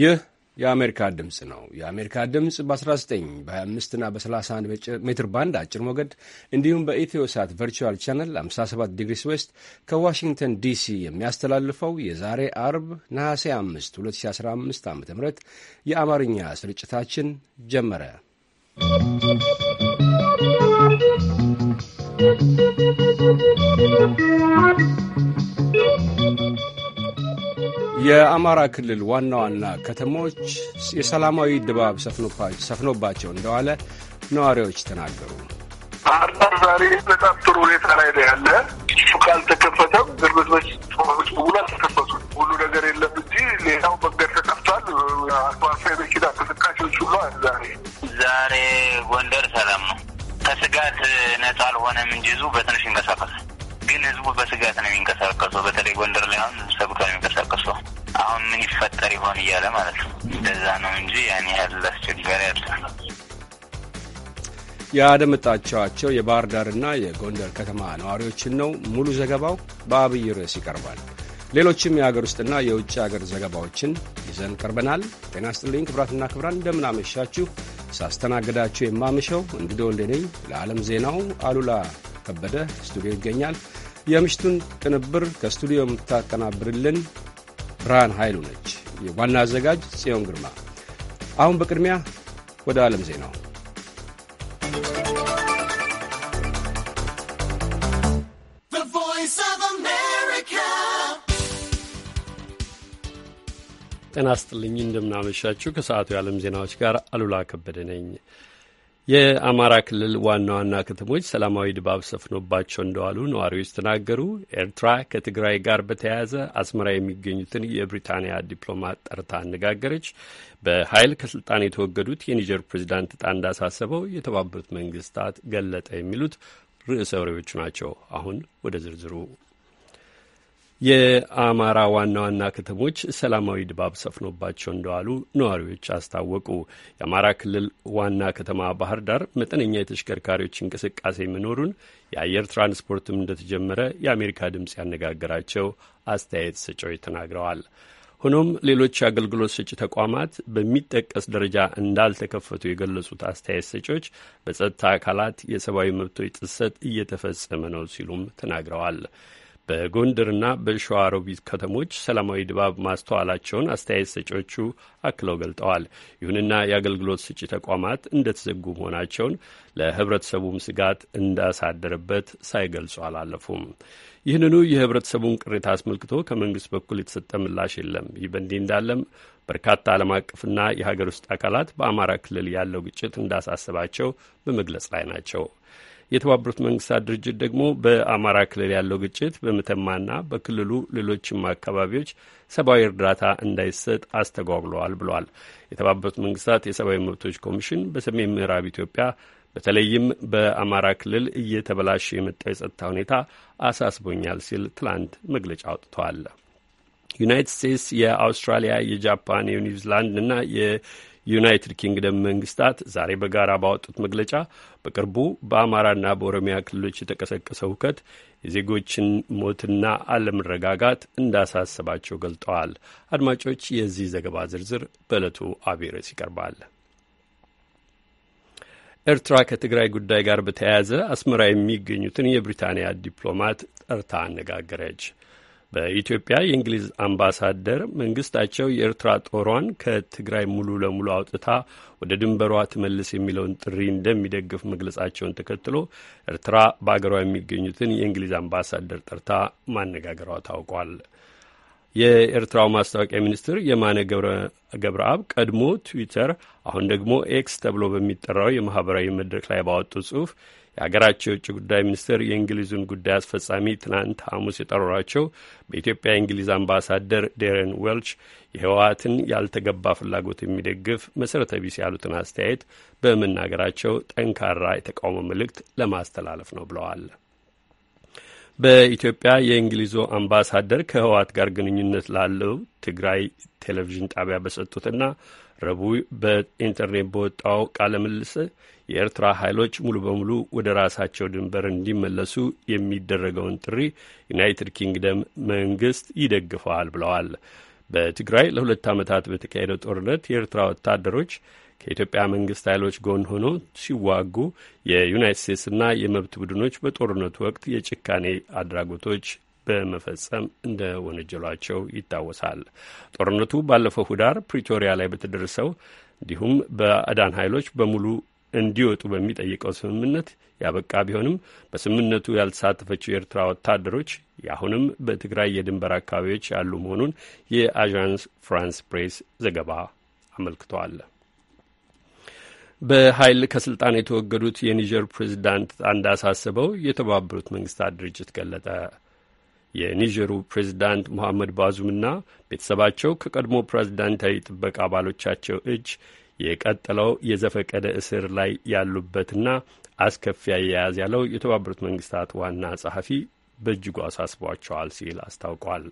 ይህ የአሜሪካ ድምፅ ነው። የአሜሪካ ድምፅ በ19 በ25 እና በ31 ሜትር ባንድ አጭር ሞገድ እንዲሁም በኢትዮ ሳት ቨርቹዋል ቻነል 57 ዲግሪስ ዌስት ከዋሽንግተን ዲሲ የሚያስተላልፈው የዛሬ አርብ ነሐሴ 5 2015 ዓ ም የአማርኛ ስርጭታችን ጀመረ። ¶¶ የአማራ ክልል ዋና ዋና ከተሞች የሰላማዊ ድባብ ሰፍኖባቸው እንደዋለ ነዋሪዎች ተናገሩ። ባህርዳር ዛሬ በጣም ጥሩ ሁኔታ ላይ ነው ያለ። ጭፉ ካልተከፈተም ግርበቶች ቶች በሙሉ አልተከፈቱ ሁሉ ነገር የለም እንጂ ሌላው መንገድ ተከፍቷል። አስፋልት የመኪና እንቅስቃሴዎች ሁሉ ዛሬ ዛሬ ጎንደር ሰላም ነው። ከስጋት ነጻ አልሆነም እንጂ ይዙ በትንሽ ይንቀሳቀሳል ግን ህዝቡ በስጋት ነው የሚንቀሳቀሰው። በተለይ ጎንደር ላይ አሁን ሰብቶ ነው የሚንቀሳቀሰው። አሁን ምን ይፈጠር ይሆን እያለ ማለት ነው። እንደዛ ነው እንጂ ያን ያህል አስቸጋሪ ያለ ያደመጣቸዋቸው የባህር ዳርና የጎንደር ከተማ ነዋሪዎችን ነው። ሙሉ ዘገባው በአብይ ርዕስ ይቀርባል። ሌሎችም የአገር ውስጥና የውጭ አገር ዘገባዎችን ይዘን ቀርበናል። ጤና ስጥልኝ ክብራትና ክብራን እንደምን አመሻችሁ። ሳስተናግዳችሁ የማመሻው እንግዲህ ወልዴ ነኝ። ለዓለም ዜናው አሉላ ከበደ ስቱዲዮ ይገኛል። የምሽቱን ቅንብር ከስቱዲዮ የምታቀናብርልን ብርሃን ኃይሉ ነች። ዋና አዘጋጅ ጽዮን ግርማ። አሁን በቅድሚያ ወደ ዓለም ዜናው። ጤና ስጥልኝ፣ እንደምናመሻችሁ። ከሰዓቱ የዓለም ዜናዎች ጋር አሉላ ከበደ ነኝ። የአማራ ክልል ዋና ዋና ከተሞች ሰላማዊ ድባብ ሰፍኖባቸው እንደዋሉ ነዋሪዎች ተናገሩ። ኤርትራ ከትግራይ ጋር በተያያዘ አስመራ የሚገኙትን የብሪታንያ ዲፕሎማት ጠርታ አነጋገረች። በኃይል ከስልጣን የተወገዱት የኒጀር ፕሬዚዳንት እጣ እንዳሳሰበው የተባበሩት መንግስታት ገለጠ። የሚሉት ርዕሰ ወሬዎቹ ናቸው። አሁን ወደ ዝርዝሩ የአማራ ዋና ዋና ከተሞች ሰላማዊ ድባብ ሰፍኖባቸው እንደዋሉ ነዋሪዎች አስታወቁ። የአማራ ክልል ዋና ከተማ ባህር ዳር መጠነኛ የተሽከርካሪዎች እንቅስቃሴ መኖሩን፣ የአየር ትራንስፖርትም እንደተጀመረ የአሜሪካ ድምፅ ያነጋገራቸው አስተያየት ሰጪዎች ተናግረዋል። ሆኖም ሌሎች የአገልግሎት ሰጪ ተቋማት በሚጠቀስ ደረጃ እንዳልተከፈቱ የገለጹት አስተያየት ሰጪዎች በጸጥታ አካላት የሰብአዊ መብቶች ጥሰት እየተፈጸመ ነው ሲሉም ተናግረዋል። በጎንደርና በሸዋሮቢት ከተሞች ሰላማዊ ድባብ ማስተዋላቸውን አስተያየት ሰጪዎቹ አክለው ገልጠዋል። ይሁንና የአገልግሎት ሰጪ ተቋማት እንደተዘጉ መሆናቸውን ለህብረተሰቡም ስጋት እንዳሳደረበት ሳይገልጹ አላለፉም። ይህንኑ የህብረተሰቡን ቅሬታ አስመልክቶ ከመንግስት በኩል የተሰጠ ምላሽ የለም። ይህ በእንዲህ እንዳለም በርካታ ዓለም አቀፍና የሀገር ውስጥ አካላት በአማራ ክልል ያለው ግጭት እንዳሳስባቸው በመግለጽ ላይ ናቸው። የተባበሩት መንግስታት ድርጅት ደግሞ በአማራ ክልል ያለው ግጭት በመተማና በክልሉ ሌሎችም አካባቢዎች ሰብአዊ እርዳታ እንዳይሰጥ አስተጓጉለዋል ብሏል። የተባበሩት መንግስታት የሰብአዊ መብቶች ኮሚሽን በሰሜን ምዕራብ ኢትዮጵያ በተለይም በአማራ ክልል እየተበላሸ የመጣው የጸጥታ ሁኔታ አሳስቦኛል ሲል ትላንት መግለጫ አውጥተዋል። ዩናይትድ ስቴትስ የአውስትራሊያ፣ የጃፓን፣ የኒውዚላንድ እና የዩናይትድ ኪንግደም መንግስታት ዛሬ በጋራ ባወጡት መግለጫ በቅርቡ በአማራና በኦሮሚያ ክልሎች የተቀሰቀሰ ሁከት የዜጎችን ሞትና አለመረጋጋት እንዳሳሰባቸው ገልጠዋል። አድማጮች፣ የዚህ ዘገባ ዝርዝር በዕለቱ አብይ ርዕስ ይቀርባል። ኤርትራ ከትግራይ ጉዳይ ጋር በተያያዘ አስመራ የሚገኙትን የብሪታንያ ዲፕሎማት ጠርታ አነጋገረች። በኢትዮጵያ የእንግሊዝ አምባሳደር መንግስታቸው የኤርትራ ጦሯን ከትግራይ ሙሉ ለሙሉ አውጥታ ወደ ድንበሯ ትመልስ የሚለውን ጥሪ እንደሚደግፍ መግለጻቸውን ተከትሎ ኤርትራ በአገሯ የሚገኙትን የእንግሊዝ አምባሳደር ጠርታ ማነጋገሯ ታውቋል። የኤርትራው ማስታወቂያ ሚኒስትር የማነ ገብረአብ ቀድሞ ትዊተር አሁን ደግሞ ኤክስ ተብሎ በሚጠራው የማህበራዊ መድረክ ላይ ባወጡ ጽሁፍ የሀገራቸው የውጭ ጉዳይ ሚኒስትር የእንግሊዙን ጉዳይ አስፈጻሚ ትናንት ሐሙስ የጠሯቸው በኢትዮጵያ የእንግሊዝ አምባሳደር ዴረን ዌልች የህወሓትን ያልተገባ ፍላጎት የሚደግፍ መሠረተ ቢስ ያሉትን አስተያየት በመናገራቸው ጠንካራ የተቃውሞ መልእክት ለማስተላለፍ ነው ብለዋል። በኢትዮጵያ የእንግሊዙ አምባሳደር ከህወሓት ጋር ግንኙነት ላለው ትግራይ ቴሌቪዥን ጣቢያ በሰጡትና ረቡዕ በኢንተርኔት በወጣው ቃለ ምልልስ የኤርትራ ኃይሎች ሙሉ በሙሉ ወደ ራሳቸው ድንበር እንዲመለሱ የሚደረገውን ጥሪ ዩናይትድ ኪንግደም መንግስት ይደግፈዋል ብለዋል። በትግራይ ለሁለት ዓመታት በተካሄደው ጦርነት የኤርትራ ወታደሮች ከኢትዮጵያ መንግስት ኃይሎች ጎን ሆነው ሲዋጉ የዩናይት ስቴትስና የመብት ቡድኖች በጦርነቱ ወቅት የጭካኔ አድራጎቶች በመፈጸም እንደ ወነጀሏቸው ይታወሳል። ጦርነቱ ባለፈው ህዳር ፕሪቶሪያ ላይ በተደረሰው እንዲሁም በአዳን ኃይሎች በሙሉ እንዲወጡ በሚጠይቀው ስምምነት ያበቃ ቢሆንም በስምምነቱ ያልተሳተፈችው የኤርትራ ወታደሮች አሁንም በትግራይ የድንበር አካባቢዎች ያሉ መሆኑን የአዣንስ ፍራንስ ፕሬስ ዘገባ አመልክተዋል። በኃይል ከስልጣን የተወገዱት የኒጀር ፕሬዚዳንት እንዳሳስበው የተባበሩት መንግስታት ድርጅት ገለጠ። የኒጀሩ ፕሬዚዳንት ሙሐመድ ባዙምና ቤተሰባቸው ከቀድሞ ፕሬዚዳንታዊ ጥበቃ አባሎቻቸው እጅ የቀጠለው የዘፈቀደ እስር ላይ ያሉበትና አስከፊ አያያዝ ያለው የተባበሩት መንግስታት ዋና ጸሐፊ በእጅጉ አሳስቧቸዋል ሲል አስታውቋል።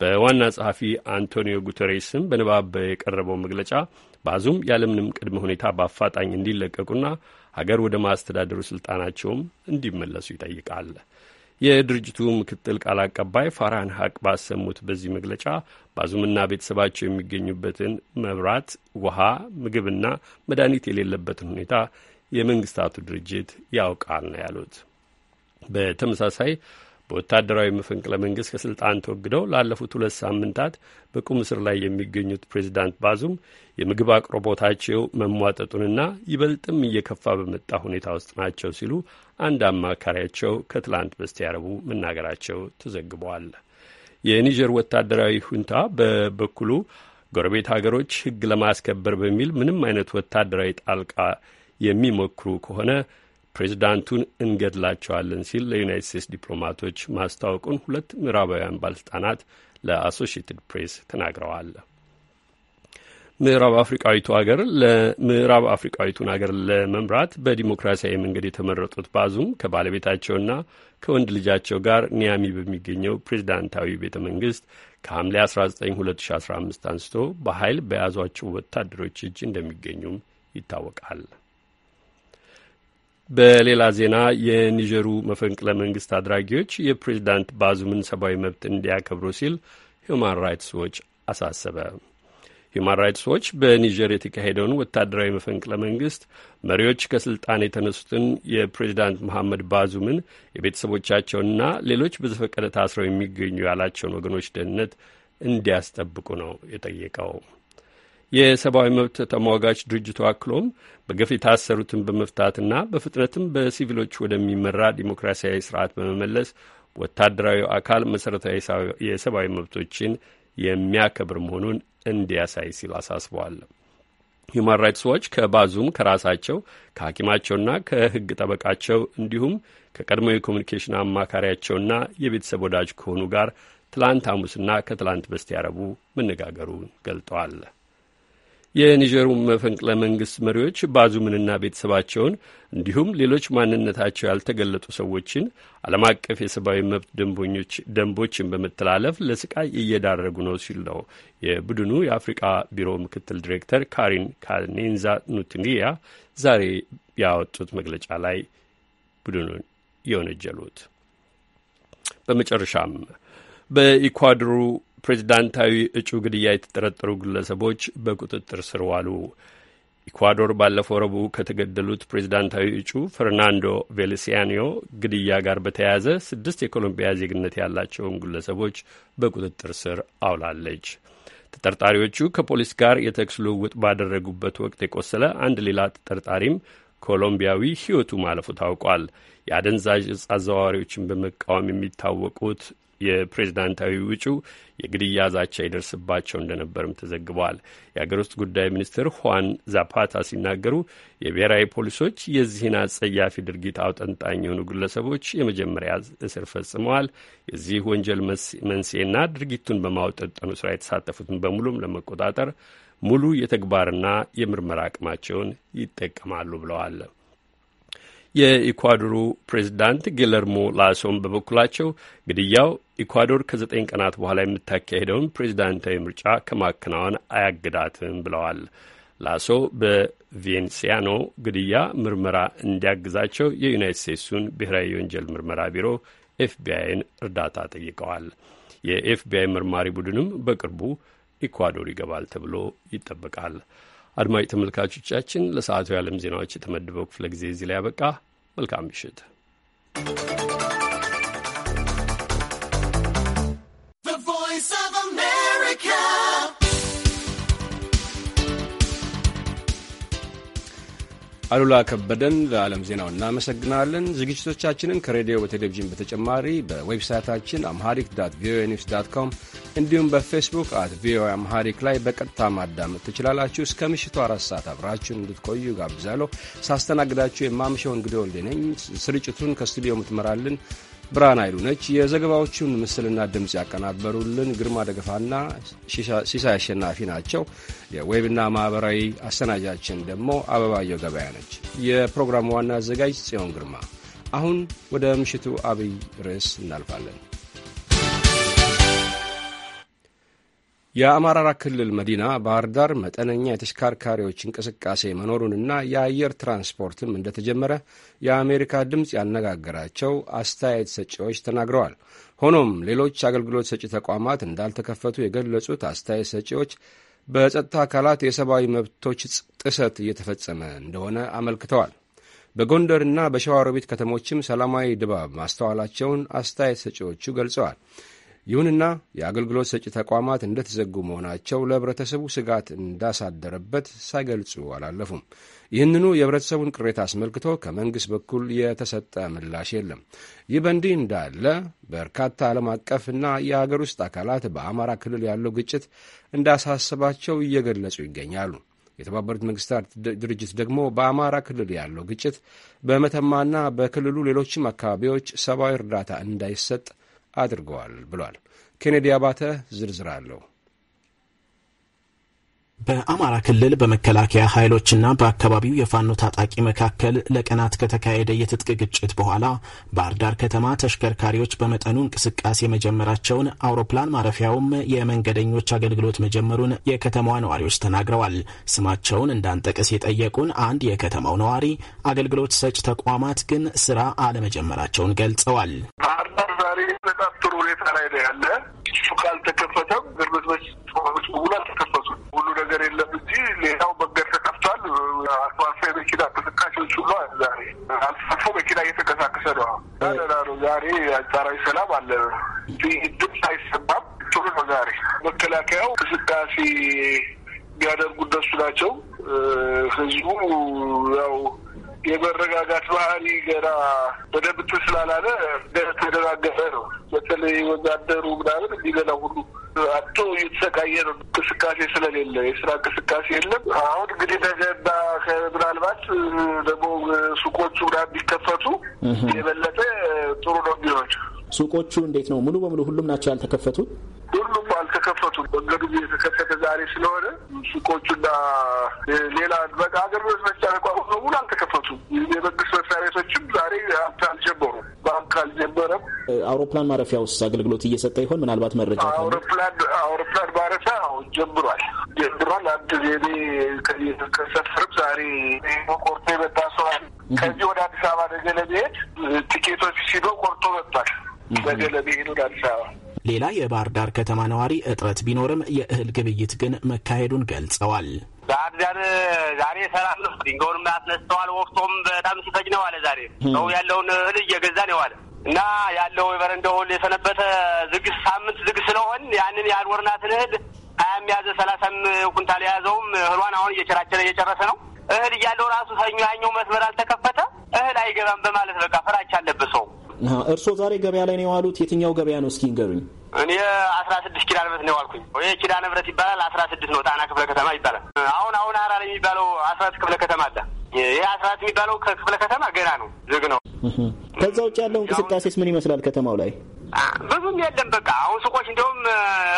በዋና ጸሐፊ አንቶኒዮ ጉተሬስ በንባብ የቀረበው መግለጫ ባዙም ያለምንም ቅድመ ሁኔታ በአፋጣኝ እንዲለቀቁና ሀገር ወደ ማስተዳደሩ ስልጣናቸውም እንዲመለሱ ይጠይቃል። የድርጅቱ ምክትል ቃል አቀባይ ፋርሃን ሀቅ ባሰሙት በዚህ መግለጫ ባዙምና ቤተሰባቸው የሚገኙበትን መብራት፣ ውሃ፣ ምግብና መድኃኒት የሌለበትን ሁኔታ የመንግስታቱ ድርጅት ያውቃል ነው ያሉት። በተመሳሳይ በወታደራዊ መፈንቅለ መንግስት ከስልጣን ተወግደው ላለፉት ሁለት ሳምንታት በቁም እስር ላይ የሚገኙት ፕሬዚዳንት ባዙም የምግብ አቅርቦታቸው መሟጠጡንና ይበልጥም እየከፋ በመጣ ሁኔታ ውስጥ ናቸው ሲሉ አንድ አማካሪያቸው ከትላንት በስቲያ ረቡዕ መናገራቸው ተዘግበዋል። የኒጀር ወታደራዊ ሁንታ በበኩሉ ጎረቤት ሀገሮች ሕግ ለማስከበር በሚል ምንም አይነት ወታደራዊ ጣልቃ የሚሞክሩ ከሆነ ፕሬዚዳንቱን እንገድላቸዋለን ሲል ለዩናይት ስቴትስ ዲፕሎማቶች ማስታወቁን ሁለት ምዕራባውያን ባለስልጣናት ለአሶሺየትድ ፕሬስ ተናግረዋል። ምዕራብ አፍሪቃዊቱ ሀገር ለምዕራብ አፍሪቃዊቱን አገር ለመምራት በዲሞክራሲያዊ መንገድ የተመረጡት ባዙም ከባለቤታቸውና ከወንድ ልጃቸው ጋር ኒያሚ በሚገኘው ፕሬዚዳንታዊ ቤተ መንግስት ከሐምሌ 19 2015 አንስቶ በኃይል በያዟቸው ወታደሮች እጅ እንደሚገኙም ይታወቃል። በሌላ ዜና የኒጀሩ መፈንቅለ መንግስት አድራጊዎች የፕሬዚዳንት ባዙምን ሰብአዊ መብት እንዲያከብሩ ሲል ሁማን ራይትስ ዎች አሳሰበ። ሁማን ራይትስ ዎች በኒጀር የተካሄደውን ወታደራዊ መፈንቅለ መንግስት መሪዎች ከስልጣን የተነሱትን የፕሬዚዳንት መሐመድ ባዙምን የቤተሰቦቻቸውንና ሌሎች በዘፈቀደ ታስረው የሚገኙ ያላቸውን ወገኖች ደህንነት እንዲያስጠብቁ ነው የጠየቀው። የሰብአዊ መብት ተሟጋች ድርጅቱ አክሎም በገፍ የታሰሩትን በመፍታትና በፍጥነትም በሲቪሎች ወደሚመራ ዲሞክራሲያዊ ስርዓት በመመለስ ወታደራዊ አካል መሠረታዊ የሰብአዊ መብቶችን የሚያከብር መሆኑን እንዲያሳይ ሲል አሳስበዋል። ሁማን ራይትስ ዋች ከባዙም ከራሳቸው ከሐኪማቸውና ከሕግ ጠበቃቸው እንዲሁም ከቀድሞ የኮሚኒኬሽን አማካሪያቸውና የቤተሰብ ወዳጅ ከሆኑ ጋር ትላንት ሐሙስና ከትላንት በስቲያ ረቡዕ መነጋገሩን ገልጠዋል። የኒጀሩ መፈንቅለ መንግስት መሪዎች ባዙምንና ቤተሰባቸውን እንዲሁም ሌሎች ማንነታቸው ያልተገለጡ ሰዎችን ዓለም አቀፍ የሰብአዊ መብት ደንቦኞች ደንቦችን በመተላለፍ ለስቃይ እየዳረጉ ነው ሲል ነው የቡድኑ የአፍሪቃ ቢሮ ምክትል ዲሬክተር ካሪን ካኔንዛ ኑትንጊያ ዛሬ ያወጡት መግለጫ ላይ ቡድኑን የወነጀሉት። በመጨረሻም በኢኳዶሩ ፕሬዚዳንታዊ እጩ ግድያ የተጠረጠሩ ግለሰቦች በቁጥጥር ስር ዋሉ። ኢኳዶር ባለፈው ረቡዕ ከተገደሉት ፕሬዚዳንታዊ እጩ ፈርናንዶ ቬሌሲያኒዮ ግድያ ጋር በተያያዘ ስድስት የኮሎምቢያ ዜግነት ያላቸውን ግለሰቦች በቁጥጥር ስር አውላለች። ተጠርጣሪዎቹ ከፖሊስ ጋር የተኩስ ልውውጥ ባደረጉበት ወቅት የቆሰለ አንድ ሌላ ተጠርጣሪም ኮሎምቢያዊ ሕይወቱ ማለፉ ታውቋል። የአደንዛዥ እጽ አዘዋዋሪዎችን በመቃወም የሚታወቁት የፕሬዝዳንታዊ ውጩ የግድያ ዛቻ ይደርስባቸው እንደነበርም ተዘግበዋል። የአገር ውስጥ ጉዳይ ሚኒስትር ሁዋን ዛፓታ ሲናገሩ የብሔራዊ ፖሊሶች የዚህን አጸያፊ ድርጊት አውጠንጣኝ የሆኑ ግለሰቦች የመጀመሪያ እስር ፈጽመዋል። የዚህ ወንጀል መንስኤና ድርጊቱን በማውጠጠኑ ስራ የተሳተፉትን በሙሉም ለመቆጣጠር ሙሉ የተግባርና የምርመራ አቅማቸውን ይጠቀማሉ ብለዋል። የኢኳዶሩ ፕሬዚዳንት ጌለርሞ ላሶም በበኩላቸው ግድያው ኢኳዶር ከዘጠኝ ቀናት በኋላ የምታካሄደውን ፕሬዚዳንታዊ ምርጫ ከማከናወን አያግዳትም ብለዋል። ላሶ በቬንሲያኖ ግድያ ምርመራ እንዲያግዛቸው የዩናይት ስቴትሱን ብሔራዊ የወንጀል ምርመራ ቢሮ ኤፍቢአይን እርዳታ ጠይቀዋል። የኤፍቢአይ መርማሪ ቡድንም በቅርቡ ኢኳዶር ይገባል ተብሎ ይጠበቃል። አድማጭ ተመልካቾቻችን፣ ለሰዓቱ የዓለም ዜናዎች የተመደበው ክፍለ ጊዜ እዚህ ላይ ያበቃ። መልካም ምሽት። አሉላ ከበደን ለዓለም ዜናው እናመሰግናለን። ዝግጅቶቻችንን ከሬዲዮ በቴሌቪዥን በተጨማሪ በዌብሳይታችን አምሃሪክ ዳት ቪኦኤ ኒውስ ዳት ኮም እንዲሁም በፌስቡክ አት ቪኦኤ አምሃሪክ ላይ በቀጥታ ማዳመጥ ትችላላችሁ። እስከ ምሽቱ አራት ሰዓት አብራችሁን እንድትቆዩ ጋብዛለሁ። ሳስተናግዳችሁ የማምሸው እንግዲህ ወልዴ ነኝ። ስርጭቱን ከስቱዲዮ የምትመራልን ብርሃን ኃይሉ ነች። የዘገባዎቹን ምስልና ድምፅ ያቀናበሩልን ግርማ ደገፋና ሲሳይ አሸናፊ ናቸው። የዌብና ማኅበራዊ አሰናጃችን ደግሞ አበባየው ገበያ ነች። የፕሮግራሙ ዋና አዘጋጅ ጽዮን ግርማ። አሁን ወደ ምሽቱ አብይ ርዕስ እናልፋለን። የአማራ ክልል መዲና ባህር ዳር መጠነኛ የተሽከርካሪዎች እንቅስቃሴ መኖሩንና የአየር ትራንስፖርትም እንደተጀመረ የአሜሪካ ድምፅ ያነጋገራቸው አስተያየት ሰጪዎች ተናግረዋል። ሆኖም ሌሎች አገልግሎት ሰጪ ተቋማት እንዳልተከፈቱ የገለጹት አስተያየት ሰጪዎች በጸጥታ አካላት የሰብአዊ መብቶች ጥሰት እየተፈጸመ እንደሆነ አመልክተዋል። በጎንደርና በሸዋሮቢት ከተሞችም ሰላማዊ ድባብ ማስተዋላቸውን አስተያየት ሰጪዎቹ ገልጸዋል። ይሁንና የአገልግሎት ሰጪ ተቋማት እንደተዘጉ መሆናቸው ለህብረተሰቡ ስጋት እንዳሳደረበት ሳይገልጹ አላለፉም። ይህንኑ የህብረተሰቡን ቅሬታ አስመልክቶ ከመንግሥት በኩል የተሰጠ ምላሽ የለም። ይህ በእንዲህ እንዳለ በርካታ ዓለም አቀፍና የአገር ውስጥ አካላት በአማራ ክልል ያለው ግጭት እንዳሳሰባቸው እየገለጹ ይገኛሉ። የተባበሩት መንግስታት ድርጅት ደግሞ በአማራ ክልል ያለው ግጭት በመተማና በክልሉ ሌሎችም አካባቢዎች ሰብአዊ እርዳታ እንዳይሰጥ አድርገዋል ብሏል። ኬኔዲ አባተ ዝርዝር አለው። በአማራ ክልል በመከላከያ ኃይሎችና በአካባቢው የፋኖ ታጣቂ መካከል ለቀናት ከተካሄደ የትጥቅ ግጭት በኋላ ባህር ዳር ከተማ ተሽከርካሪዎች በመጠኑ እንቅስቃሴ መጀመራቸውን፣ አውሮፕላን ማረፊያውም የመንገደኞች አገልግሎት መጀመሩን የከተማዋ ነዋሪዎች ተናግረዋል። ስማቸውን እንዳንጠቀስ የጠየቁን አንድ የከተማው ነዋሪ አገልግሎት ሰጭ ተቋማት ግን ስራ አለመጀመራቸውን ገልጸዋል። ሁኔታ ላይ ካልተከፈተም ግርብቶች ሁሉ አልተከፈቱም። ሁሉ ነገር የለም እንጂ ሌላው መንገድ ተከፍቷል። አልፎ የመኪና እንቅስቃሴዎች ሁሉ አልፎ መኪና እየተንቀሳቀሰ ነው። ለና ነው ዛሬ አንጻራዊ ሰላም አለ። ድምፅ አይሰማም። ጥሩ ነው። ዛሬ መከላከያው እንቅስቃሴ የሚያደርጉ እነሱ ናቸው። ህዝቡ ያው የመረጋጋት ባህሪ ገና በደምት ስላላለ ተደናገፈ ነው። በተለይ ወዛደሩ ምናምን እንዲገላ ሁሉ አቶ እየተሰቃየ ነው። እንቅስቃሴ ስለሌለ የስራ እንቅስቃሴ የለም። አሁን እንግዲህ ነገና ምናልባት ደግሞ ሱቆቹ ምናምን ቢከፈቱ የበለጠ ጥሩ ነው የሚሆን። ሱቆቹ እንዴት ነው? ሙሉ በሙሉ ሁሉም ናቸው ያልተከፈቱት ሁሉ ያልተከፈቱ መንገዱ የተከፈተ ዛሬ ስለሆነ ሱቆቹና ሌላ በቃ አገልግሎት መስጫ ተቋሙ በሙሉ አልተከፈቱም። የመንግስት መስሪያ ቤቶችም ዛሬ አልጀመሩም። ባንክ አልጀመረም። አውሮፕላን ማረፊያ ውስጥ አገልግሎት እየሰጠ ይሆን? ምናልባት መረጃ አውሮፕላን አውሮፕላን ማረፊያ አሁን ጀምሯል ጀምሯል። አንድ ዜኔ ከሰፈርም ዛሬ ቆርጦ የመጣ ሰዋል። ከዚህ ወደ አዲስ አበባ ነገ ለመሄድ ቲኬቶች ሲዶ ቆርቶ መጥቷል። ነገ ለመሄድ ወደ አዲስ አበባ ሌላ የባህር ዳር ከተማ ነዋሪ እጥረት ቢኖርም የእህል ግብይት ግን መካሄዱን ገልጸዋል። ባህር ዳር ዛሬ ሰላም ነው። ድንጋውንም አስነስተዋል። ወቅቶም በጣም ሲፈጅ ነው አለ። ዛሬ ሰው ያለውን እህል እየገዛ ነው አለ እና ያለው የበረንዳው የሰነበተ ዝግ ሳምንት ዝግ ስለሆን ያንን ያልወርናትን እህል ሀያም የያዘ ሰላሳም ኩንታል የያዘውም እህሏን አሁን እየቸራቸረ እየጨረሰ ነው። እህል እያለው ራሱ ሰኞ ያኛው መስመር አልተከፈተ እህል አይገባም በማለት በቃ ፍራቻ አለበት ሰው እርስዎ ዛሬ ገበያ ላይ ነው የዋሉት? የትኛው ገበያ ነው እስኪ ንገሩኝ። እኔ አስራ ስድስት ኪዳነ ምሕረት ነው የዋልኩኝ። ይህ ኪዳነ ምሕረት ይባላል። አስራ ስድስት ነው፣ ጣና ክፍለ ከተማ ይባላል። አሁን አሁን አራ የሚባለው አስራት ክፍለ ከተማ አለ። ይህ አስራት የሚባለው ከክፍለ ከተማ ገና ነው፣ ዝግ ነው። ከዛ ውጭ ያለው እንቅስቃሴስ ምን ይመስላል ከተማው ላይ? ብዙም የለም። በቃ አሁን ሱቆች እንዲሁም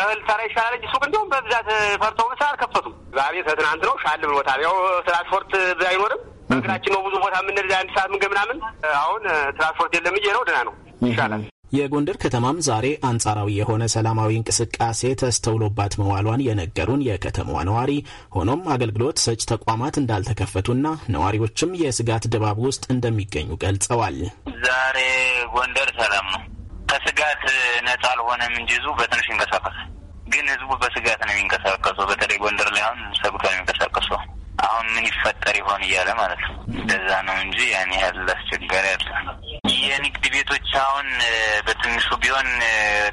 እህል ተራ ይሻላል እንጂ ሱቅ እንዲሁም በብዛት ፈርተው ምስ አልከፈቱም። ዛሬ ትናንት ነው ሻል ብሎታል። ያው ትራንስፖርት አይኖርም በእግራችን ነው ብዙ ቦታ የምንሄድ አንድ ሰዓት ምንገ ምናምን። አሁን ትራንስፖርት የለም እየ ነው ደህና ነው ይሻላል። የጎንደር ከተማም ዛሬ አንጻራዊ የሆነ ሰላማዊ እንቅስቃሴ ተስተውሎባት መዋሏን የነገሩን የከተማዋ ነዋሪ፣ ሆኖም አገልግሎት ሰጭ ተቋማት እንዳልተከፈቱና ነዋሪዎችም የስጋት ድባብ ውስጥ እንደሚገኙ ገልጸዋል። ዛሬ ጎንደር ሰላም ነው። ከስጋት ነጻ አልሆነም እንጂ ህዝቡ በትንሽ ይንቀሳቀሳል። ግን ህዝቡ በስጋት ነው የሚንቀሳቀሰው። በተለይ ጎንደር ላይ አሁን ሰግቶ የሚንቀሳቀሰው አሁን ምን ይፈጠር ይሆን እያለ ማለት ነው። እንደዛ ነው እንጂ ያን ያህል አስቸጋሪ ያለ የንግድ ቤቶች አሁን በትንሹ ቢሆን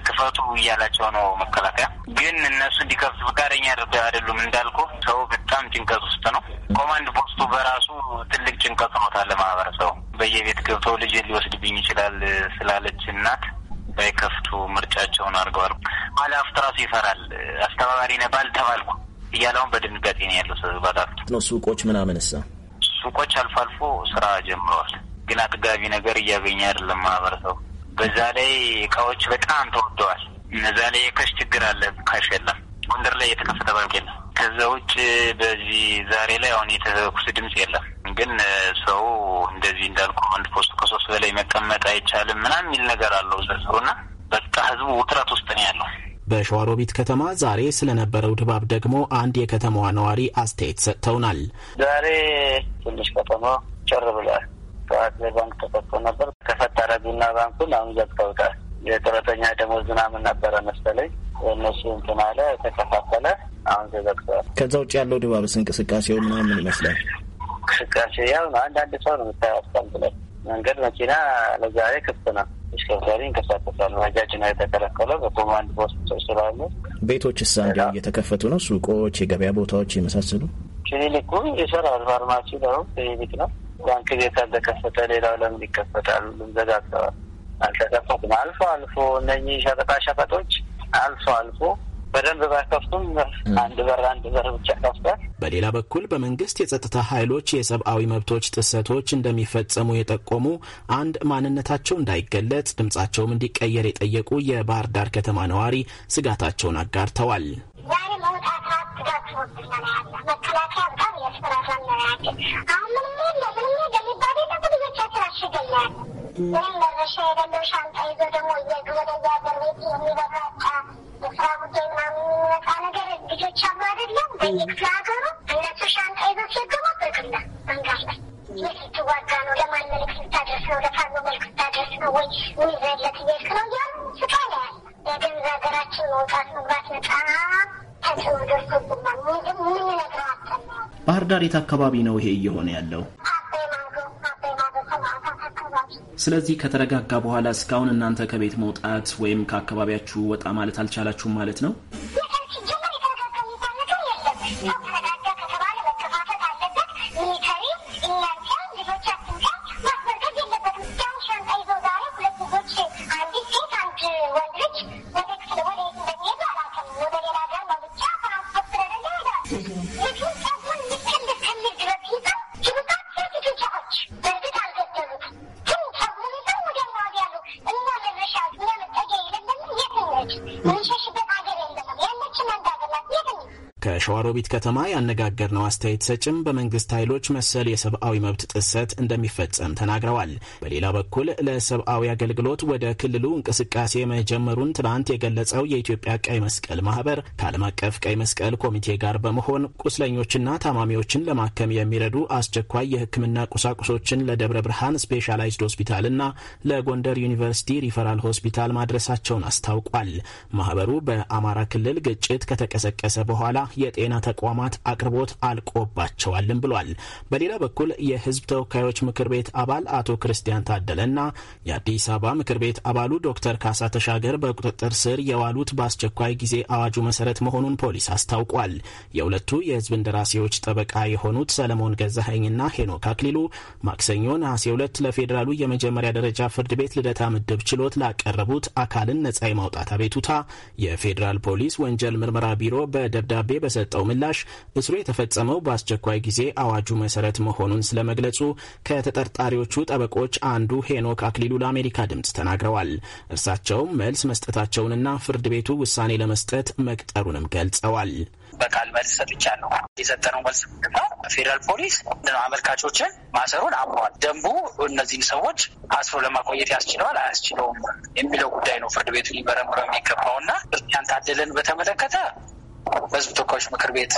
ክፈቱ እያላቸው ነው መከላከያ። ግን እነሱ እንዲከፍት ፈቃደኛ አድርገ አይደሉም። እንዳልኩ ሰው በጣም ጭንቀት ውስጥ ነው። ኮማንድ ፖስቱ በራሱ ትልቅ ጭንቀት ሆኖታል ለማህበረሰቡ። በየቤት ገብተው ልጅ ሊወስድብኝ ይችላል ስላለች እናት ባይከፍቱ ምርጫቸውን አድርገዋል። ባለሀብት ራሱ ይፈራል። አስተባባሪ ነህ ባልተባልኩ እያለውን በድንጋጤ ነው ያለው። ሰባላት ነው ሱቆች ምናምን እሳ ሱቆች አልፎ አልፎ ስራ ጀምረዋል፣ ግን አጥጋቢ ነገር እያገኘ አይደለም ማህበረሰቡ። በዛ ላይ እቃዎች በጣም ተወደዋል። እነዛ ላይ የካሽ ችግር አለ። ካሽ የለም። ጎንደር ላይ የተከፈተ ባንክ የለም። ከዛ ውጭ በዚህ ዛሬ ላይ አሁን የተኩስ ድምጽ የለም። ግን ሰው እንደዚህ እንዳልኩ አንድ ፖስት ከሶስት በላይ መቀመጥ አይቻልም ምናምን የሚል ነገር አለው ሰው እና በቃ ህዝቡ ውጥረት ውስጥ ነው ያለው። በሸዋሮቢት ከተማ ዛሬ ስለነበረው ድባብ ደግሞ አንድ የከተማዋ ነዋሪ አስተያየት ሰጥተውናል። ዛሬ ትንሽ ከተማ ጭር ብሏል። ጠዋት ላይ ባንክ ተፈቶ ነበር። ከፈታረ ቡና ባንኩን አሁን ዘግተውታል። የጡረተኛ ደሞዝ ምናምን ነበረ መሰለኝ እነሱ እንትን አለ ተከፋፈለ። አሁን ተዘግተዋል። ከዛ ውጭ ያለው ድባብስ እንቅስቃሴው ምናምን ይመስላል? እንቅስቃሴ ያው አንዳንድ ሰው ነው የምታያስቀምጥለት መንገድ መኪና ለዛሬ ክፍት ነው። ተሽከርካሪ እንቀሳቀሳል። ባጃጅ ነው የተከለከለው፣ በኮማንድ ፖስት ስላለ። ቤቶችስ እንዲ እየተከፈቱ ነው? ሱቆች፣ የገበያ ቦታዎች የመሳሰሉ። ክሊኒኩ ይሰራል። ፋርማሲ ለሁም ክሊኒክ ነው። ባንክ ቤት አልተከፈተ። ሌላው ለምን ይከፈታል? ሁሉም ዘጋግተዋል። አልተከፈቱም። አልፎ አልፎ እነኚህ ሸቀጣ ሸቀጦች አልፎ አልፎ በደንብ ባከፍቱም አንድ በር አንድ በር ብቻ ከፍቷል። በሌላ በኩል በመንግስት የጸጥታ ኃይሎች የሰብአዊ መብቶች ጥሰቶች እንደሚፈጸሙ የጠቆሙ አንድ ማንነታቸው እንዳይገለጽ ድምጻቸውም እንዲቀየር የጠየቁ የባህር ዳር ከተማ ነዋሪ ስጋታቸውን አጋርተዋል። ዛሬ መውጣት ስጋት ሆብኛ ነው ያለ መከላከያ ወይ ምን እየሄድክ ነው እያሉ ስቃይ ነው ያለ። የገንዘብ ሀገራችን መውጣት መግባት በጣም ባህር ዳር የት አካባቢ ነው ይሄ እየሆነ ያለው? ስለዚህ ከተረጋጋ በኋላ እስካሁን እናንተ ከቤት መውጣት ወይም ከአካባቢያችሁ ወጣ ማለት አልቻላችሁም ማለት ነው? ሮቢት ከተማ ያነጋገርነው አስተያየት ሰጭም በመንግስት ኃይሎች መሰል የሰብአዊ መብት ጥሰት እንደሚፈጸም ተናግረዋል። በሌላ በኩል ለሰብአዊ አገልግሎት ወደ ክልሉ እንቅስቃሴ መጀመሩን ትናንት የገለጸው የኢትዮጵያ ቀይ መስቀል ማህበር ከዓለም አቀፍ ቀይ መስቀል ኮሚቴ ጋር በመሆን ቁስለኞችና ታማሚዎችን ለማከም የሚረዱ አስቸኳይ የሕክምና ቁሳቁሶችን ለደብረ ብርሃን ስፔሻላይዝድ ሆስፒታልና ለጎንደር ዩኒቨርሲቲ ሪፈራል ሆስፒታል ማድረሳቸውን አስታውቋል። ማህበሩ በአማራ ክልል ግጭት ከተቀሰቀሰ በኋላ የጤና ተቋማት አቅርቦት አልቆባቸዋልም ብሏል። በሌላ በኩል የህዝብ ተወካዮች ምክር ቤት አባል አቶ ክርስቲያን ታደለና የአዲስ አበባ ምክር ቤት አባሉ ዶክተር ካሳ ተሻገር በቁጥጥር ስር የዋሉት በአስቸኳይ ጊዜ አዋጁ መሰረት መሆኑን ፖሊስ አስታውቋል። የሁለቱ የህዝብ እንደራሴዎች ጠበቃ የሆኑት ሰለሞን ገዛኸኝና ሄኖክ አክሊሉ ማክሰኞ ነሐሴ ሁለት ለፌዴራሉ የመጀመሪያ ደረጃ ፍርድ ቤት ልደታ ምድብ ችሎት ላቀረቡት አካልን ነጻ የማውጣት አቤቱታ የፌዴራል ፖሊስ ወንጀል ምርመራ ቢሮ በደብዳቤ በሰጠው ምላሽ እስሩ የተፈጸመው በአስቸኳይ ጊዜ አዋጁ መሰረት መሆኑን ስለመግለጹ ከተጠርጣሪዎቹ ጠበቆች አንዱ ሄኖክ አክሊሉ ለአሜሪካ ድምፅ ተናግረዋል። እርሳቸውም መልስ መስጠታቸውንና ፍርድ ቤቱ ውሳኔ ለመስጠት መቅጠሩንም ገልጸዋል። በቃል መልስ ሰጥቻለሁ። የሰጠነው መልስ ምንድነው? ፌዴራል ፖሊስ ምንድነው አመልካቾችን ማሰሩን አምሯል። ደንቡ እነዚህን ሰዎች አስሮ ለማቆየት ያስችለዋል አያስችለውም የሚለው ጉዳይ ነው ፍርድ ቤቱ ሊመረምረው የሚገባውና ያን ታደለን በተመለከተ በህዝብ ተወካዮች ምክር ቤት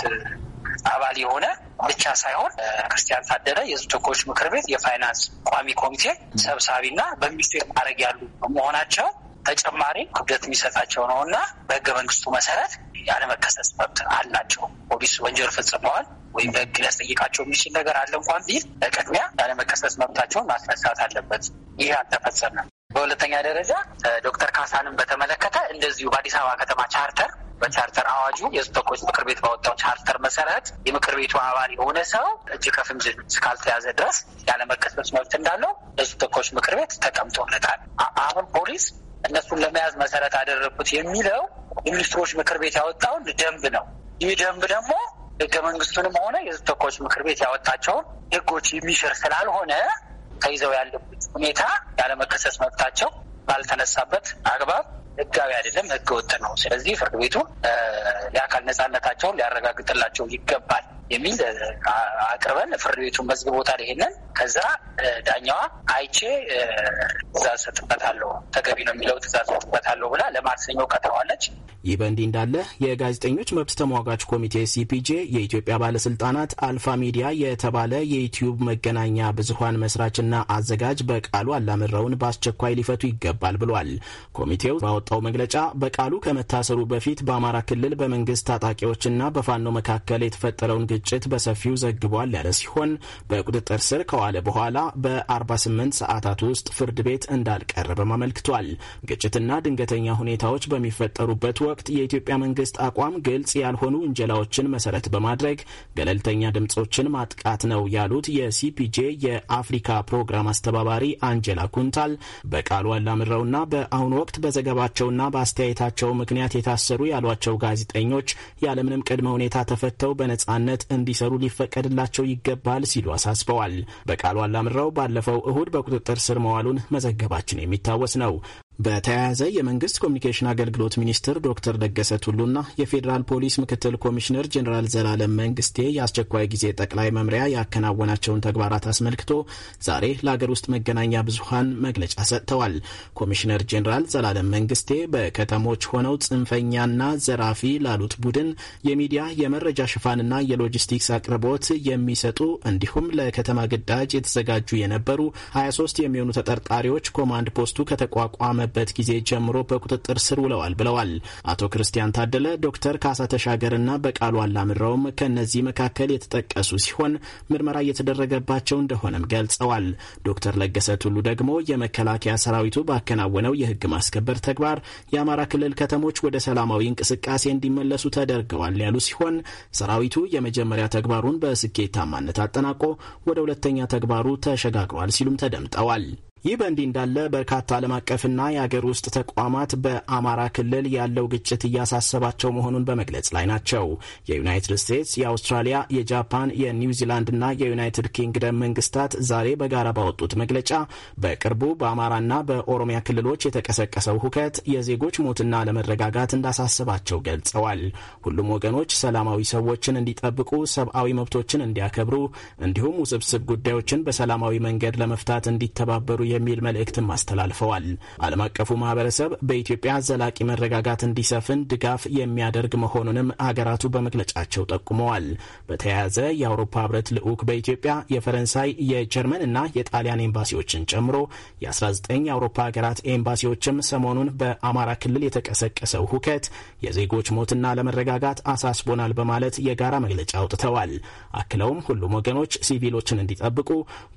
አባል የሆነ ብቻ ሳይሆን ክርስቲያን ታደለ የህዝብ ተወካዮች ምክር ቤት የፋይናንስ ቋሚ ኮሚቴ ሰብሳቢና በሚኒስቴር ማድረግ ያሉ መሆናቸው ተጨማሪ ክብደት የሚሰጣቸው ነው እና በህገ መንግስቱ መሰረት ያለመከሰስ መብት አላቸው። ፖሊስ ወንጀል ፈጽመዋል ወይም በህግ ሊያስጠይቃቸው የሚችል ነገር አለ እንኳን ቢል በቅድሚያ ያለመከሰስ መብታቸውን ማስነሳት አለበት። ይህ አልተፈጸመም። በሁለተኛ ደረጃ ዶክተር ካሳንም በተመለከተ እንደዚሁ በአዲስ አበባ ከተማ ቻርተር በቻርተር አዋጁ የህዝብ ተወካዮች ምክር ቤት ባወጣው ቻርተር መሰረት የምክር ቤቱ አባል የሆነ ሰው እጅ ከፍንጅ እስካልተያዘ ድረስ ያለመቀስበስ መብት እንዳለው የህዝብ ተወካዮች ምክር ቤት ተቀምጦለታል። አሁን ፖሊስ እነሱን ለመያዝ መሰረት አደረግኩት የሚለው የሚኒስትሮች ምክር ቤት ያወጣውን ደንብ ነው። ይህ ደንብ ደግሞ ህገ መንግስቱንም ሆነ የህዝብ ተወካዮች ምክር ቤት ያወጣቸውን ህጎች የሚሽር ስላልሆነ ተይዘው ያለ ሁኔታ ያለመከሰስ መብታቸው ባልተነሳበት አግባብ ህጋዊ አይደለም፣ ህገ ወጥ ነው። ስለዚህ ፍርድ ቤቱ የአካል ነጻነታቸውን ሊያረጋግጥላቸው ይገባል። የሚል አቅርበን ፍርድ ቤቱን መዝግቦታል። ይሄንን ከዛ ዳኛዋ አይቼ ትእዛዝ ሰጥበታለሁ፣ ተገቢ ነው የሚለው ትእዛዝ ሰጥበታለሁ ብላ ለማክሰኞ ቀጥረዋለች። ይህ በእንዲህ እንዳለ የጋዜጠኞች መብት ተሟጋች ኮሚቴ ሲፒጄ የኢትዮጵያ ባለስልጣናት አልፋ ሚዲያ የተባለ የዩትዩብ መገናኛ ብዙሀን መስራችና አዘጋጅ በቃሉ አላምረውን በአስቸኳይ ሊፈቱ ይገባል ብሏል። ኮሚቴው ባወጣው መግለጫ በቃሉ ከመታሰሩ በፊት በአማራ ክልል በመንግስት ታጣቂዎችና በፋኖ መካከል የተፈጠረውን ግጭ ስርጭት በሰፊው ዘግቧል ያለ ሲሆን በቁጥጥር ስር ከዋለ በኋላ በ48 ሰዓታት ውስጥ ፍርድ ቤት እንዳልቀረበም አመልክቷል። ግጭትና ድንገተኛ ሁኔታዎች በሚፈጠሩበት ወቅት የኢትዮጵያ መንግስት አቋም ግልጽ ያልሆኑ ውንጀላዎችን መሰረት በማድረግ ገለልተኛ ድምጾችን ማጥቃት ነው ያሉት የሲፒጄ የአፍሪካ ፕሮግራም አስተባባሪ አንጀላ ኩንታል በቃሉ አላምረውና በአሁኑ ወቅት በዘገባቸውና በአስተያየታቸው ምክንያት የታሰሩ ያሏቸው ጋዜጠኞች ያለምንም ቅድመ ሁኔታ ተፈተው በነጻነት እንዲሰሩ ሊፈቀድላቸው ይገባል ሲሉ አሳስበዋል። በቃሉ አላምረው ባለፈው እሁድ በቁጥጥር ስር መዋሉን መዘገባችን የሚታወስ ነው። በተያያዘ የመንግስት ኮሚኒኬሽን አገልግሎት ሚኒስትር ዶክተር ለገሰ ቱሉና የፌዴራል ፖሊስ ምክትል ኮሚሽነር ጀኔራል ዘላለም መንግስቴ የአስቸኳይ ጊዜ ጠቅላይ መምሪያ ያከናወናቸውን ተግባራት አስመልክቶ ዛሬ ለአገር ውስጥ መገናኛ ብዙሀን መግለጫ ሰጥተዋል። ኮሚሽነር ጀኔራል ዘላለም መንግስቴ በከተሞች ሆነው ጽንፈኛና ዘራፊ ላሉት ቡድን የሚዲያ የመረጃ ሽፋንና የሎጂስቲክስ አቅርቦት የሚሰጡ እንዲሁም ለከተማ ግዳጅ የተዘጋጁ የነበሩ 23 የሚሆኑ ተጠርጣሪዎች ኮማንድ ፖስቱ ከተቋቋመ ከተፈጸመበት ጊዜ ጀምሮ በቁጥጥር ስር ውለዋል ብለዋል። አቶ ክርስቲያን ታደለ፣ ዶክተር ካሳ ተሻገርና በቃሉ አላምረውም ከእነዚህ መካከል የተጠቀሱ ሲሆን ምርመራ እየተደረገባቸው እንደሆነም ገልጸዋል። ዶክተር ለገሰ ቱሉ ደግሞ የመከላከያ ሰራዊቱ ባከናወነው የህግ ማስከበር ተግባር የአማራ ክልል ከተሞች ወደ ሰላማዊ እንቅስቃሴ እንዲመለሱ ተደርገዋል ያሉ ሲሆን ሰራዊቱ የመጀመሪያ ተግባሩን በስኬታማነት አጠናቆ ወደ ሁለተኛ ተግባሩ ተሸጋግሯል ሲሉም ተደምጠዋል። ይህ በእንዲህ እንዳለ በርካታ ዓለም አቀፍና የአገር ውስጥ ተቋማት በአማራ ክልል ያለው ግጭት እያሳሰባቸው መሆኑን በመግለጽ ላይ ናቸው። የዩናይትድ ስቴትስ፣ የአውስትራሊያ፣ የጃፓን፣ የኒውዚላንድና የዩናይትድ ኪንግደም መንግስታት ዛሬ በጋራ ባወጡት መግለጫ በቅርቡ በአማራና በኦሮሚያ ክልሎች የተቀሰቀሰው ሁከት የዜጎች ሞትና አለመረጋጋት እንዳሳሰባቸው ገልጸዋል። ሁሉም ወገኖች ሰላማዊ ሰዎችን እንዲጠብቁ፣ ሰብአዊ መብቶችን እንዲያከብሩ፣ እንዲሁም ውስብስብ ጉዳዮችን በሰላማዊ መንገድ ለመፍታት እንዲተባበሩ የሚል መልእክትም አስተላልፈዋል። ዓለም አቀፉ ማህበረሰብ በኢትዮጵያ ዘላቂ መረጋጋት እንዲሰፍን ድጋፍ የሚያደርግ መሆኑንም ሀገራቱ በመግለጫቸው ጠቁመዋል። በተያያዘ የአውሮፓ ህብረት ልዑክ በኢትዮጵያ የፈረንሳይ የጀርመን እና የጣሊያን ኤምባሲዎችን ጨምሮ የ19 የአውሮፓ ሀገራት ኤምባሲዎችም ሰሞኑን በአማራ ክልል የተቀሰቀሰው ሁከት የዜጎች ሞትና ለመረጋጋት አሳስቦናል በማለት የጋራ መግለጫ አውጥተዋል። አክለውም ሁሉም ወገኖች ሲቪሎችን እንዲጠብቁ፣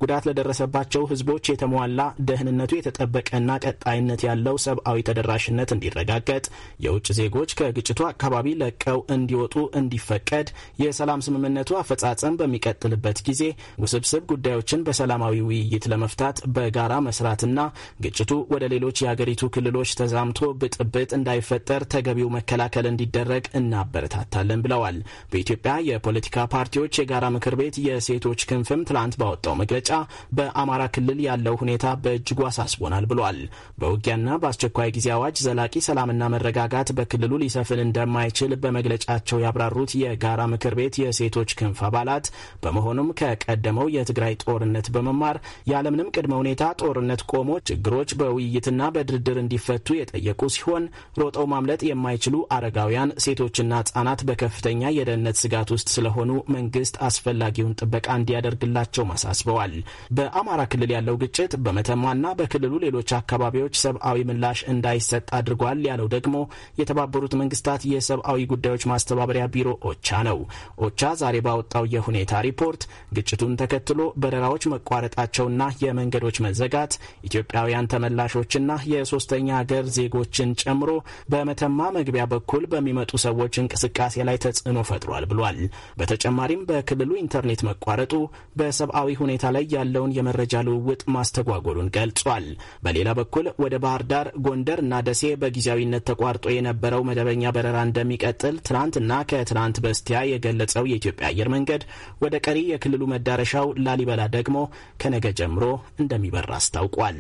ጉዳት ለደረሰባቸው ህዝቦች የተሟላ ደህንነቱ የተጠበቀና ቀጣይነት ያለው ሰብአዊ ተደራሽነት እንዲረጋገጥ፣ የውጭ ዜጎች ከግጭቱ አካባቢ ለቀው እንዲወጡ እንዲፈቀድ፣ የሰላም ስምምነቱ አፈጻጸም በሚቀጥልበት ጊዜ ውስብስብ ጉዳዮችን በሰላማዊ ውይይት ለመፍታት በጋራ መስራትና ግጭቱ ወደ ሌሎች የአገሪቱ ክልሎች ተዛምቶ ብጥብጥ እንዳይፈጠር ተገቢው መከላከል እንዲደረግ እናበረታታለን ብለዋል። በኢትዮጵያ የፖለቲካ ፓርቲዎች የጋራ ምክር ቤት የሴቶች ክንፍም ትላንት ባወጣው መግለጫ በአማራ ክልል ያለው ሁኔታ በእጅጉ አሳስቦናል ብሏል። በውጊያና በአስቸኳይ ጊዜ አዋጅ ዘላቂ ሰላምና መረጋጋት በክልሉ ሊሰፍን እንደማይችል በመግለጫቸው ያብራሩት የጋራ ምክር ቤት የሴቶች ክንፍ አባላት በመሆኑም ከቀደመው የትግራይ ጦርነት በመማር ያለምንም ቅድመ ሁኔታ ጦርነት ቆሞ ችግሮች በውይይትና በድርድር እንዲፈቱ የጠየቁ ሲሆን ሮጠው ማምለጥ የማይችሉ አረጋውያን፣ ሴቶችና ህጻናት በከፍተኛ የደህንነት ስጋት ውስጥ ስለሆኑ መንግስት አስፈላጊውን ጥበቃ እንዲያደርግላቸው ማሳስበዋል። በአማራ ክልል ያለው ግጭት በ በመተማና በክልሉ ሌሎች አካባቢዎች ሰብአዊ ምላሽ እንዳይሰጥ አድርጓል ያለው ደግሞ የተባበሩት መንግስታት የሰብአዊ ጉዳዮች ማስተባበሪያ ቢሮ ኦቻ ነው። ኦቻ ዛሬ ባወጣው የሁኔታ ሪፖርት ግጭቱን ተከትሎ በረራዎች መቋረጣቸውና የመንገዶች መዘጋት ኢትዮጵያውያን ተመላሾችና የሶስተኛ ሀገር ዜጎችን ጨምሮ በመተማ መግቢያ በኩል በሚመጡ ሰዎች እንቅስቃሴ ላይ ተጽዕኖ ፈጥሯል ብሏል። በተጨማሪም በክልሉ ኢንተርኔት መቋረጡ በሰብአዊ ሁኔታ ላይ ያለውን የመረጃ ልውውጥ ማስተጓጉ መስተጓጎሉን ገልጿል። በሌላ በኩል ወደ ባህር ዳር፣ ጎንደር እና ደሴ በጊዜያዊነት ተቋርጦ የነበረው መደበኛ በረራ እንደሚቀጥል ትናንትና ከትናንት በስቲያ የገለጸው የኢትዮጵያ አየር መንገድ ወደ ቀሪ የክልሉ መዳረሻው ላሊበላ ደግሞ ከነገ ጀምሮ እንደሚበር አስታውቋል።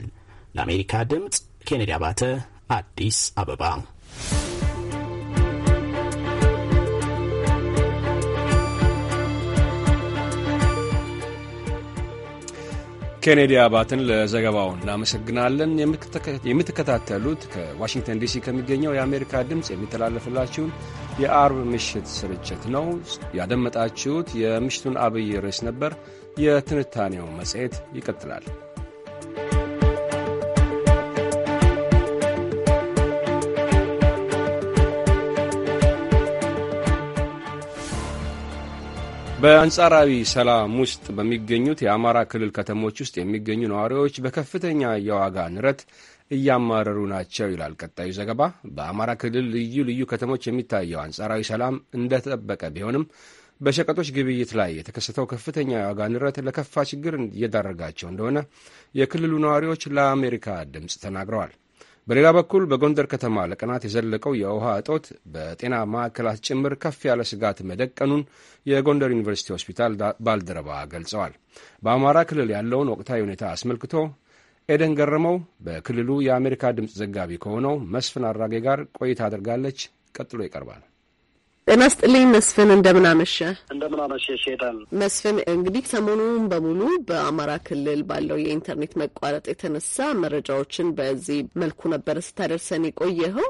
ለአሜሪካ ድምጽ ኬኔዲ አባተ አዲስ አበባ ኬኔዲ አባትን ለዘገባው እናመሰግናለን። የምትከታተሉት ከዋሽንግተን ዲሲ ከሚገኘው የአሜሪካ ድምፅ የሚተላለፍላችሁን የአርብ ምሽት ስርጭት ነው። ያደመጣችሁት የምሽቱን አብይ ርዕስ ነበር። የትንታኔው መጽሔት ይቀጥላል። በአንጻራዊ ሰላም ውስጥ በሚገኙት የአማራ ክልል ከተሞች ውስጥ የሚገኙ ነዋሪዎች በከፍተኛ የዋጋ ንረት እያማረሩ ናቸው ይላል ቀጣዩ ዘገባ። በአማራ ክልል ልዩ ልዩ ከተሞች የሚታየው አንጻራዊ ሰላም እንደተጠበቀ ቢሆንም በሸቀጦች ግብይት ላይ የተከሰተው ከፍተኛ የዋጋ ንረት ለከፋ ችግር እየዳረጋቸው እንደሆነ የክልሉ ነዋሪዎች ለአሜሪካ ድምፅ ተናግረዋል። በሌላ በኩል በጎንደር ከተማ ለቀናት የዘለቀው የውሃ እጦት በጤና ማዕከላት ጭምር ከፍ ያለ ስጋት መደቀኑን የጎንደር ዩኒቨርሲቲ ሆስፒታል ባልደረባ ገልጸዋል። በአማራ ክልል ያለውን ወቅታዊ ሁኔታ አስመልክቶ ኤደን ገረመው በክልሉ የአሜሪካ ድምፅ ዘጋቢ ከሆነው መስፍን አራጌ ጋር ቆይታ አድርጋለች። ቀጥሎ ይቀርባል። ጤና ስጥልኝ መስፍን፣ እንደምናመሸ እንደምናመሸ ሄዳን መስፍን፣ እንግዲህ ሰሞኑን በሙሉ በአማራ ክልል ባለው የኢንተርኔት መቋረጥ የተነሳ መረጃዎችን በዚህ መልኩ ነበረ ስታደርሰን የቆየኸው።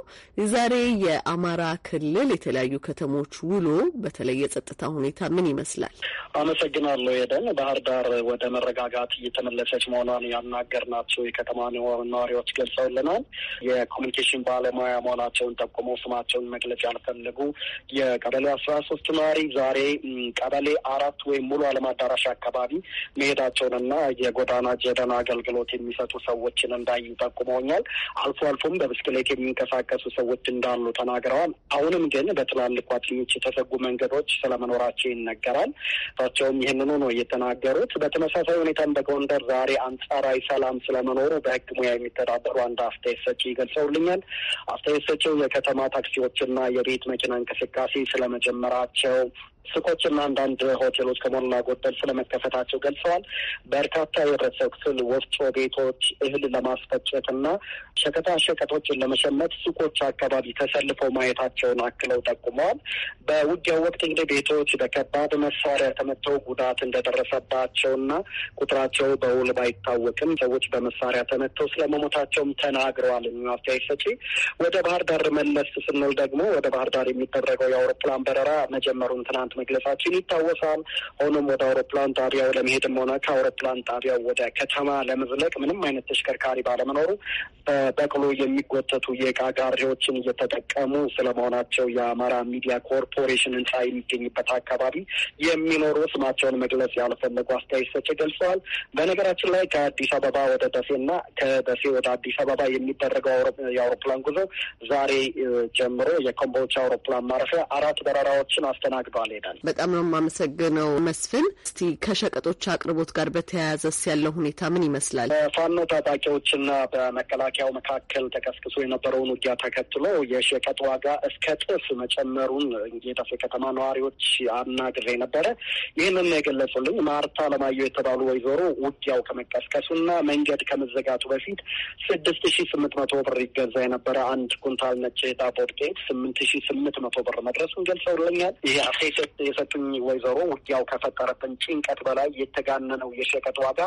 ዛሬ የአማራ ክልል የተለያዩ ከተሞች ውሎ በተለይ የጸጥታ ሁኔታ ምን ይመስላል? አመሰግናለሁ ሄደን። ባህር ዳር ወደ መረጋጋት እየተመለሰች መሆኗን ያናገርናቸው የከተማ ነዋሪዎች ገልጸውልናል። የኮሚኒኬሽን ባለሙያ መሆናቸውን ጠቁመው ስማቸውን መግለጽ ያልፈልጉ የቀበሌ አስራ ሶስት ነዋሪ ዛሬ ቀበሌ አራት ወይም ሙሉ አለም አዳራሽ አካባቢ መሄዳቸውንና የጎዳና ጀደና አገልግሎት የሚሰጡ ሰዎችን እንዳዩ ጠቁመውኛል። አልፎ አልፎም በብስክሌት የሚንቀሳቀሱ ሰዎች እንዳሉ ተናግረዋል። አሁንም ግን በትላልቅ ጓደኞች የተዘጉ መንገዶች ስለመኖራቸው ይነገራል። እሳቸውም ይህንኑ ነው የተናገሩት። በተመሳሳይ ሁኔታም በጎንደር ዛሬ አንጻራዊ ሰላም ስለመኖሩ በህግ ሙያ የሚተዳደሩ አንድ አስተያየት ሰጪ ይገልጸውልኛል። አስተያየት ሰጪው የከተማ ታክሲዎችና የቤት መኪና እንቅስቃሴ እንቅስቃሴ ስለመጀመራቸው ሱቆችና አንዳንድ ሆቴሎች ከሞላ ጎደል ስለመከፈታቸው ገልጸዋል። በርካታ የህብረተሰብ ክፍል ወፍጮ ቤቶች እህል ለማስፈጨትና ሸቀጣ ሸቀጦችን ለመሸመት ሱቆች አካባቢ ተሰልፈው ማየታቸውን አክለው ጠቁመዋል። በውጊያው ወቅት እንግዲህ ቤቶች በከባድ መሳሪያ ተመተው ጉዳት እንደደረሰባቸውና ቁጥራቸው በውል ባይታወቅም ሰዎች በመሳሪያ ተመተው ስለመሞታቸውም ተናግረዋል። አስተያየት ሰጪ ወደ ባህር ዳር መለስ ስንል ደግሞ ወደ ባህር ዳር የሚደረገው የአውሮፕላን በረራ መጀመሩን ትናንት መግለጻችን ይታወሳል። ሆኖም ወደ አውሮፕላን ጣቢያው ለመሄድም ሆነ ከአውሮፕላን ጣቢያው ወደ ከተማ ለመዝለቅ ምንም አይነት ተሽከርካሪ ባለመኖሩ በበቅሎ የሚጎተቱ የእቃ ጋሪዎችን እየተጠቀሙ ስለመሆናቸው የአማራ ሚዲያ ኮርፖሬሽን ህንፃ የሚገኝበት አካባቢ የሚኖሩ ስማቸውን መግለጽ ያልፈለጉ አስተያየት ሰጭ ገልጸዋል። በነገራችን ላይ ከአዲስ አበባ ወደ ደሴና ከደሴ ወደ አዲስ አበባ የሚደረገው የአውሮፕላን ጉዞ ዛሬ ጀምሮ የኮምቦልቻ አውሮፕላን ማረፊያ አራት በረራዎችን አስተናግዷል። ይረዳል። በጣም ነው የማመሰግነው መስፍን። እስቲ ከሸቀጦች አቅርቦት ጋር በተያያዘስ ያለው ሁኔታ ምን ይመስላል? በፋኖ ታጣቂዎችና በመከላከያው መካከል ተቀስቅሶ የነበረውን ውጊያ ተከትሎ የሸቀጥ ዋጋ እስከ ጥፍ መጨመሩን ጌጠፍ ከተማ ነዋሪዎች አናግሬ ነበረ። ይህንን የገለጹልኝ ማርታ ለማየሁ የተባሉ ወይዘሮ ውጊያው ከመቀስቀሱና መንገድ ከመዘጋቱ በፊት ስድስት ሺ ስምንት መቶ ብር ይገዛ የነበረ አንድ ኩንታል ነጭ ዳቦ ዱቄት ስምንት ሺ ስምንት መቶ ብር መድረሱን ገልጸውልኛል። ይህ አፍሴት አስተያየት የሰጡኝ ወይዘሮ ውጊያው ከፈጠረብን ጭንቀት በላይ የተጋነነው የሸቀጥ ዋጋ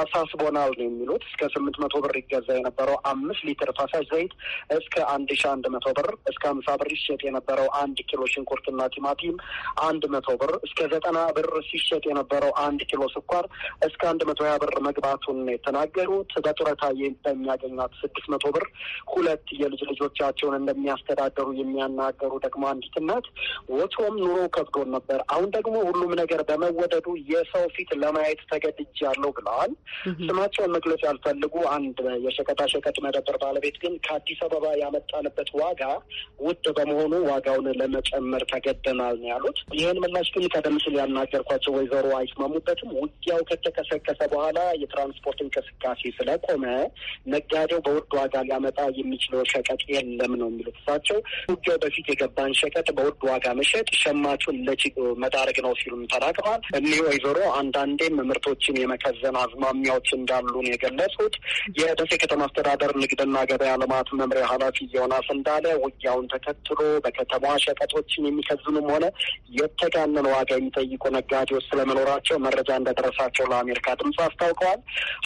አሳስቦናል ነው የሚሉት። እስከ ስምንት መቶ ብር ይገዛ የነበረው አምስት ሊትር ፈሳሽ ዘይት እስከ አንድ ሺ አንድ መቶ ብር፣ እስከ ሀምሳ ብር ይሸጥ የነበረው አንድ ኪሎ ሽንኩርትና ቲማቲም አንድ መቶ ብር፣ እስከ ዘጠና ብር ሲሸጥ የነበረው አንድ ኪሎ ስኳር እስከ አንድ መቶ ሀያ ብር መግባቱን የተናገሩት በጡረታ በሚያገኟት ስድስት መቶ ብር ሁለት የልጅ ልጆቻቸውን እንደሚያስተዳደሩ የሚያናገሩ ደግሞ አንዲት እናት ኑሮ ከብዶ አድርጎን ነበር። አሁን ደግሞ ሁሉም ነገር በመወደዱ የሰው ፊት ለማየት ተገድጃለሁ ብለዋል። ስማቸውን መግለጽ ያልፈልጉ አንድ የሸቀጣሸቀጥ መደብር ባለቤት ግን ከአዲስ አበባ ያመጣንበት ዋጋ ውድ በመሆኑ ዋጋውን ለመጨመር ተገደናል ነው ያሉት። ይህን ምላሽ ግን ቀደም ሲል ያናገርኳቸው ወይዘሮ አይስማሙበትም። ውጊያው ከተቀሰቀሰ በኋላ የትራንስፖርት እንቅስቃሴ ስለቆመ ነጋዴው በውድ ዋጋ ሊያመጣ የሚችለው ሸቀጥ የለም ነው የሚሉት እሳቸው። ውጊያው በፊት የገባን ሸቀጥ በውድ ዋጋ መሸጥ ሸማቹን መዳረግ ነው ሲሉም ተናግረዋል። እኒህ ወይዘሮ አንዳንዴም ምርቶችን የመከዘን አዝማሚያዎች እንዳሉን የገለጹት የደሴ ከተማ አስተዳደር ንግድና ገበያ ልማት መምሪያ ኃላፊ ዮናስ እንዳለ ውጊያውን ተከትሎ በከተማ ሸቀጦችን የሚከዝኑም ሆነ የተጋነን ዋጋ የሚጠይቁ ነጋዴዎች ስለመኖራቸው መረጃ እንደደረሳቸው ለአሜሪካ ድምፅ አስታውቀዋል።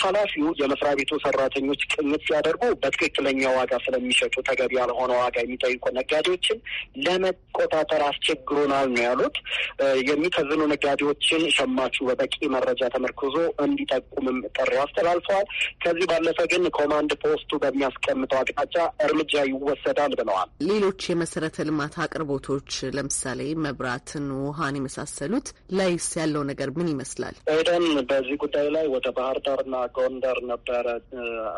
ኃላፊው የመስሪያ ቤቱ ሰራተኞች ቅኝት ሲያደርጉ በትክክለኛ ዋጋ ስለሚሸጡ ተገቢ ያልሆነ ዋጋ የሚጠይቁ ነጋዴዎችን ለመቆጣጠር አስቸግሮናል ነው ያሉት። ለውጥ የሚከዝኑ ነጋዴዎችን ሸማቹ በበቂ መረጃ ተመርክዞ እንዲጠቁምም ጥሪ አስተላልፈዋል። ከዚህ ባለፈ ግን ኮማንድ ፖስቱ በሚያስቀምጠው አቅጣጫ እርምጃ ይወሰዳል ብለዋል። ሌሎች የመሰረተ ልማት አቅርቦቶች ለምሳሌ መብራትን፣ ውሃን የመሳሰሉት ላይስ ያለው ነገር ምን ይመስላል? ኤደን በዚህ ጉዳይ ላይ ወደ ባህር ዳርና ጎንደር ነበረ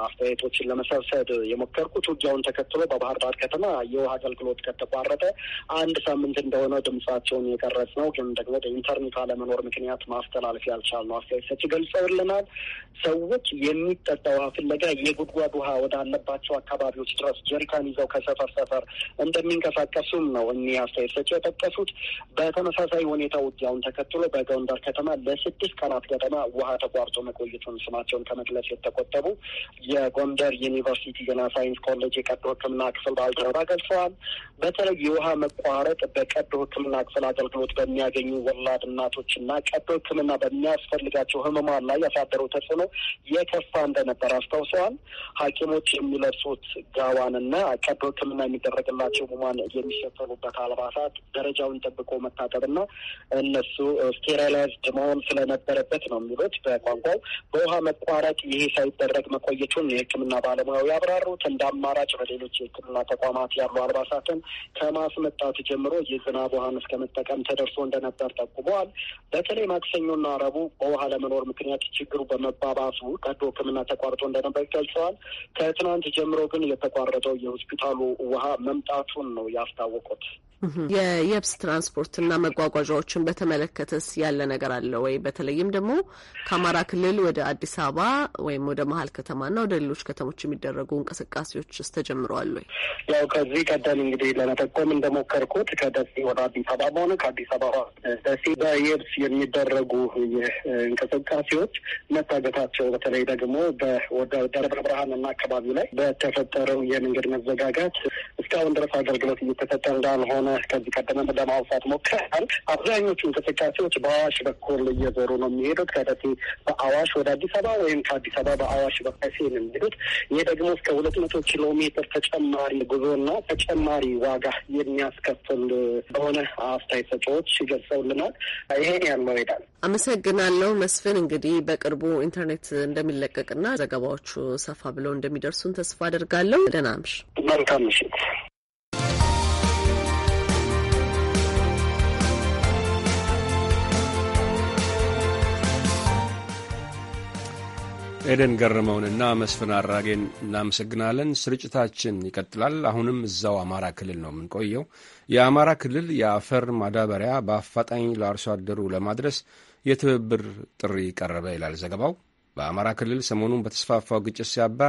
አስተያየቶችን ለመሰብሰብ የሞከርኩት። ውጊያውን ተከትሎ በባህር ዳር ከተማ የውሃ አገልግሎት ከተቋረጠ አንድ ሳምንት እንደሆነ ድምጻቸውን የቀ የቀረጽ ነው፣ ግን ደግሞ በኢንተርኔት አለመኖር ምክንያት ማስተላለፍ ያልቻል ነው አስተያየት ሰጭ ገልጸውልናል። ሰዎች የሚጠጣ ውሃ ፍለጋ የጉድጓድ ውሃ ወዳለባቸው አካባቢዎች ድረስ ጀሪካን ይዘው ከሰፈር ሰፈር እንደሚንቀሳቀሱም ነው እኒ አስተያየት ሰጭ የጠቀሱት። በተመሳሳይ ሁኔታ ውጊያውን ተከትሎ በጎንደር ከተማ ለስድስት ቀናት ገደማ ውሃ ተቋርጦ መቆየቱን ስማቸውን ከመግለጽ የተቆጠቡ የጎንደር ዩኒቨርሲቲ ጤና ሳይንስ ኮሌጅ የቀዶ ሕክምና ክፍል ባልደረባ ገልጸዋል። በተለይ የውሃ መቋረጥ በቀዶ ሕክምና ክፍል አገልግሎት አገልግሎት በሚያገኙ ወላድ እናቶች እና ቀዶ ሕክምና በሚያስፈልጋቸው ህመማን ላይ ያሳደረው ተጽዕኖ የከፋ እንደነበር አስታውሰዋል። ሐኪሞች የሚለብሱት ጋዋንና ቀዶ ሕክምና የሚደረግላቸው ህሙማን የሚሸፈኑበት አልባሳት ደረጃውን ጠብቆ መታጠብና እነሱ ስቴራላይዝድ መሆን ስለነበረበት ነው የሚሉት በቋንቋው በውሃ መቋረጥ ይሄ ሳይደረግ መቆየቱን የህክምና ባለሙያው ያብራሩት። እንደ አማራጭ በሌሎች የህክምና ተቋማት ያሉ አልባሳትን ከማስመጣት ጀምሮ የዝናብ ውሃን እስከ መጠቀም ተደርሶ እንደነበር ጠቁመዋል። በተለይ ማክሰኞና አረቡ በውሃ ለመኖር ምክንያት ችግሩ በመባባሱ ቀዶ ሕክምና ተቋርጦ እንደነበር ገልጸዋል። ከትናንት ጀምሮ ግን የተቋረጠው የሆስፒታሉ ውሃ መምጣቱን ነው ያስታወቁት። የየብስ ትራንስፖርትና መጓጓዣዎችን በተመለከተስ ያለ ነገር አለ ወይ? በተለይም ደግሞ ከአማራ ክልል ወደ አዲስ አበባ ወይም ወደ መሀል ከተማና ወደ ሌሎች ከተሞች የሚደረጉ እንቅስቃሴዎችስ ተጀምረዋል ወይ? ያው ከዚህ ቀደም እንግዲህ ለመጠቆም እንደሞከርኩት ከደሴ ወደ አዲስ አበባ ሆነ አዲስ አበባ፣ ደሴ፣ በየብስ የሚደረጉ እንቅስቃሴዎች መታገታቸው በተለይ ደግሞ ብርሃን እና አካባቢ ላይ በተፈጠረው የመንገድ መዘጋጋት እስካሁን ድረስ አገልግሎት እየተሰጠ እንዳልሆነ ከዚህ ቀደም ለማውሳት ሞክረናል። አብዛኞቹ እንቅስቃሴዎች በአዋሽ በኩል እየዞሩ ነው የሚሄዱት። ከደሴ በአዋሽ ወደ አዲስ አበባ ወይም ከአዲስ አበባ በአዋሽ በደሴ ነው የሚሄዱት። ይህ ደግሞ እስከ ሁለት መቶ ኪሎ ሜትር ተጨማሪ ጉዞና ተጨማሪ ዋጋ የሚያስከፍል በሆነ አስተያየት ሰጪ ሰዎች ይገልጸውልናል። ይሄን ያለው ይሄዳል። አመሰግናለሁ መስፍን። እንግዲህ በቅርቡ ኢንተርኔት እንደሚለቀቅና ዘገባዎቹ ሰፋ ብለው እንደሚደርሱን ተስፋ አድርጋለሁ። ደህና ምሽ። መልካም ምሽት። ኤደን ገረመውንና መስፍን አራጌን እናመሰግናለን። ስርጭታችን ይቀጥላል። አሁንም እዛው አማራ ክልል ነው የምንቆየው። የአማራ ክልል የአፈር ማዳበሪያ በአፋጣኝ ለአርሶ አደሩ ለማድረስ የትብብር ጥሪ ቀረበ ይላል ዘገባው። በአማራ ክልል ሰሞኑን በተስፋፋው ግጭት ሲያባ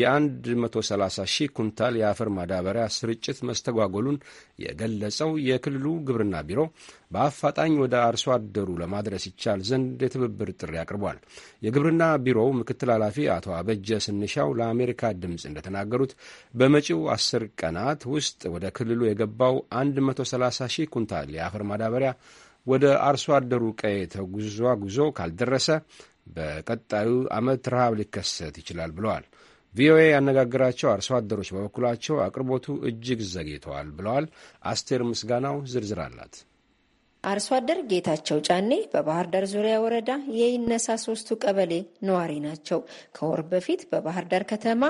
የ130 ሺህ ኩንታል የአፈር ማዳበሪያ ስርጭት መስተጓጎሉን የገለጸው የክልሉ ግብርና ቢሮ በአፋጣኝ ወደ አርሶ አደሩ ለማድረስ ይቻል ዘንድ የትብብር ጥሪ አቅርቧል። የግብርና ቢሮው ምክትል ኃላፊ አቶ አበጀ ስንሻው ለአሜሪካ ድምፅ እንደተናገሩት በመጪው አስር ቀናት ውስጥ ወደ ክልሉ የገባው 130 ሺህ ኩንታል የአፈር ማዳበሪያ ወደ አርሶ አደሩ ተጉዟ ጉዞ ካልደረሰ በቀጣዩ ዓመት ረሃብ ሊከሰት ይችላል ብለዋል። ቪኦኤ ያነጋገራቸው አርሶ አደሮች በበኩላቸው አቅርቦቱ እጅግ ዘግይተዋል ብለዋል። አስቴር ምስጋናው ዝርዝር አላት። አርሶ አደር ጌታቸው ጫኔ በባህር ዳር ዙሪያ ወረዳ የይነሳ ሶስቱ ቀበሌ ነዋሪ ናቸው። ከወር በፊት በባህር ዳር ከተማ